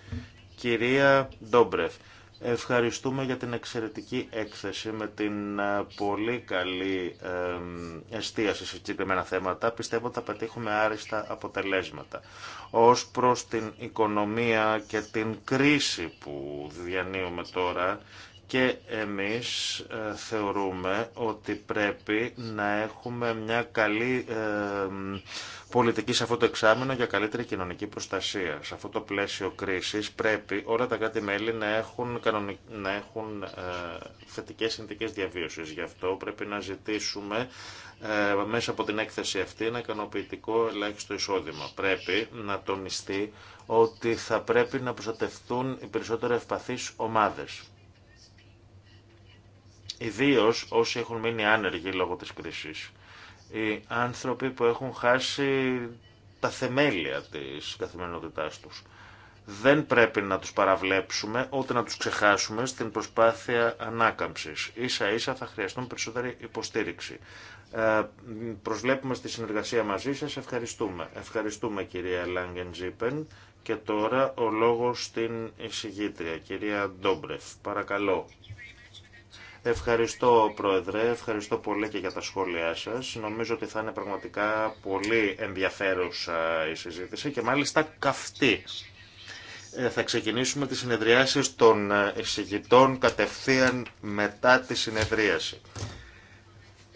Κυρία Ντόμπρεφ, Ευχαριστούμε για την εξαιρετική έκθεση με την ε, πολύ καλή ε, εστίαση σε συγκεκριμένα θέματα. Πιστεύω ότι θα πετύχουμε άριστα αποτελέσματα. Ως προς την οικονομία και την κρίση που διανύουμε τώρα, και εμείς ε, θεωρούμε ότι πρέπει να έχουμε μια καλή ε, πολιτική σε αυτό το εξάμεινο για καλύτερη κοινωνική προστασία. Σε αυτό το πλαίσιο κρίσης πρέπει όλα τα κράτη-μέλη να έχουν, κανονικ... να έχουν ε, θετικές συνθήκες διαβίωσης. Γι' αυτό πρέπει να ζητήσουμε μέσα από την έκθεση αυτή ένα ικανοποιητικό ελάχιστο εισόδημα. Πρέπει να τονιστεί ότι θα πρέπει να προστατευτούν οι περισσότερο ευπαθείς ομάδες Ιδίω όσοι έχουν μείνει άνεργοι λόγω της κρίσης. Οι άνθρωποι που έχουν χάσει τα θεμέλια της καθημερινότητάς τους. Δεν πρέπει να τους παραβλέψουμε, ούτε να τους ξεχάσουμε στην προσπάθεια ανάκαμψης. Ίσα ίσα θα χρειαστούν περισσότερη υποστήριξη. Ε, προσβλέπουμε στη συνεργασία μαζί σας. Ευχαριστούμε. Ευχαριστούμε κυρία Λάγκεν Και τώρα ο λόγος στην εισηγήτρια, κυρία Ντόμπρεφ. Παρακαλώ. Ευχαριστώ Πρόεδρε, ευχαριστώ πολύ και για τα σχόλιά σας. Νομίζω ότι θα είναι πραγματικά πολύ ενδιαφέρουσα η συζήτηση και μάλιστα καυτή. Ε, θα ξεκινήσουμε τις συνεδριάσεις των εισηγητών κατευθείαν μετά τη συνεδρίαση.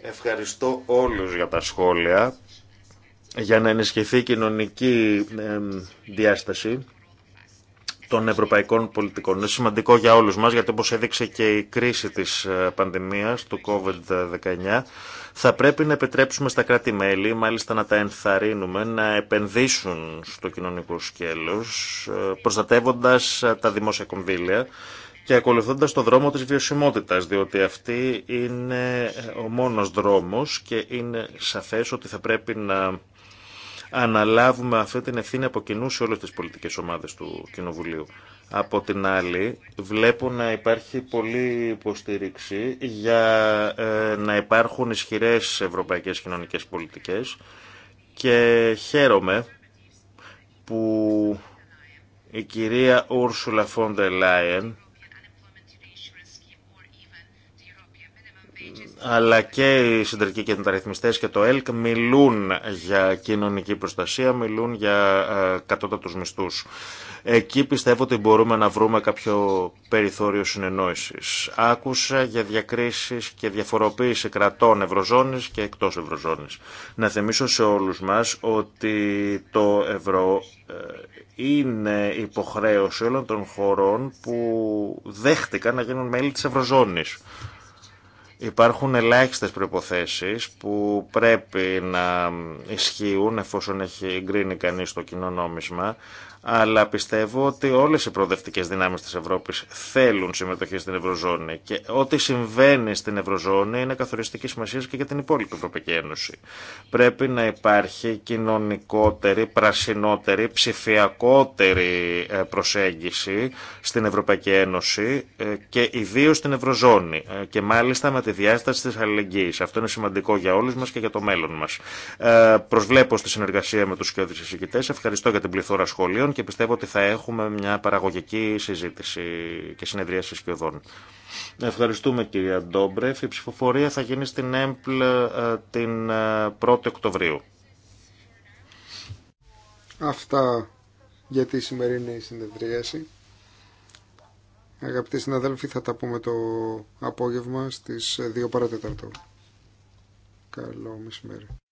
Ευχαριστώ όλους για τα σχόλια, για να ενισχυθεί η κοινωνική διάσταση των ευρωπαϊκών πολιτικών. Είναι σημαντικό για όλους μας, γιατί όπως έδειξε και η κρίση της ε, πανδημίας του COVID-19, θα πρέπει να επιτρέψουμε στα κράτη-μέλη, μάλιστα να τα ενθαρρύνουμε, να επενδύσουν στο κοινωνικό σκέλος, ε, προστατεύοντας ε, τα δημόσια κονδύλια και ακολουθώντας το δρόμο της βιωσιμότητας, διότι αυτή είναι ο μόνος δρόμος και είναι σαφές ότι θα πρέπει να αναλάβουμε αυτή την ευθύνη από κοινού σε όλες τις πολιτικές ομάδες του Κοινοβουλίου. Από την άλλη, βλέπω να υπάρχει πολλή υποστήριξη για ε, να υπάρχουν ισχυρές ευρωπαϊκές κοινωνικές πολιτικές και χαίρομαι που η κυρία Ούρσουλα Φόντε Λάιεν αλλά και οι συντηρητικοί και μεταρρυθμιστές και το ΕΛΚ μιλούν για κοινωνική προστασία, μιλούν για ε, κατώτατους μισθούς. Εκεί πιστεύω ότι μπορούμε να βρούμε κάποιο περιθώριο συνεννόησης. Άκουσα για διακρίσεις και διαφοροποίηση κρατών Ευρωζώνης και εκτός Ευρωζώνης. Να θυμίσω σε όλους μας ότι το ευρώ ε, είναι υποχρέωση όλων των χωρών που δέχτηκαν να γίνουν μέλη της Ευρωζώνης. Υπάρχουν ελάχιστες προϋποθέσεις που πρέπει να ισχύουν εφόσον έχει εγκρίνει κανείς το κοινό νόμισμα, αλλά πιστεύω ότι όλες οι προοδευτικές δυνάμεις της Ευρώπης θέλουν συμμετοχή στην Ευρωζώνη και ό,τι συμβαίνει στην Ευρωζώνη είναι καθοριστική σημασία και για την υπόλοιπη Ευρωπαϊκή Ένωση. Πρέπει να υπάρχει κοινωνικότερη, πρασινότερη, ψηφιακότερη ε, προσέγγιση στην Ευρωπαϊκή Ένωση ε, και ιδίως στην Ευρωζώνη ε, και μάλιστα με τη διάσταση της αλληλεγγύης. Αυτό είναι σημαντικό για όλους μας και για το μέλλον μας. Προσβλέπω στη συνεργασία με τους κοιόδης Ευχαριστώ για την πληθώρα σχολείων και πιστεύω ότι θα έχουμε μια παραγωγική συζήτηση και συνεδρίαση σπιωδών. Ευχαριστούμε κυρία Ντόμπρεφ. Η ψηφοφορία θα γίνει στην ΕΜΠΛ ε, την 1η ε, Οκτωβρίου. Αυτά για τη σημερινή συνεδρίαση. Αγαπητοί συναδέλφοι, θα τα πούμε το απόγευμα στις 2 παρατέταρτο. Καλό μεσημέρι.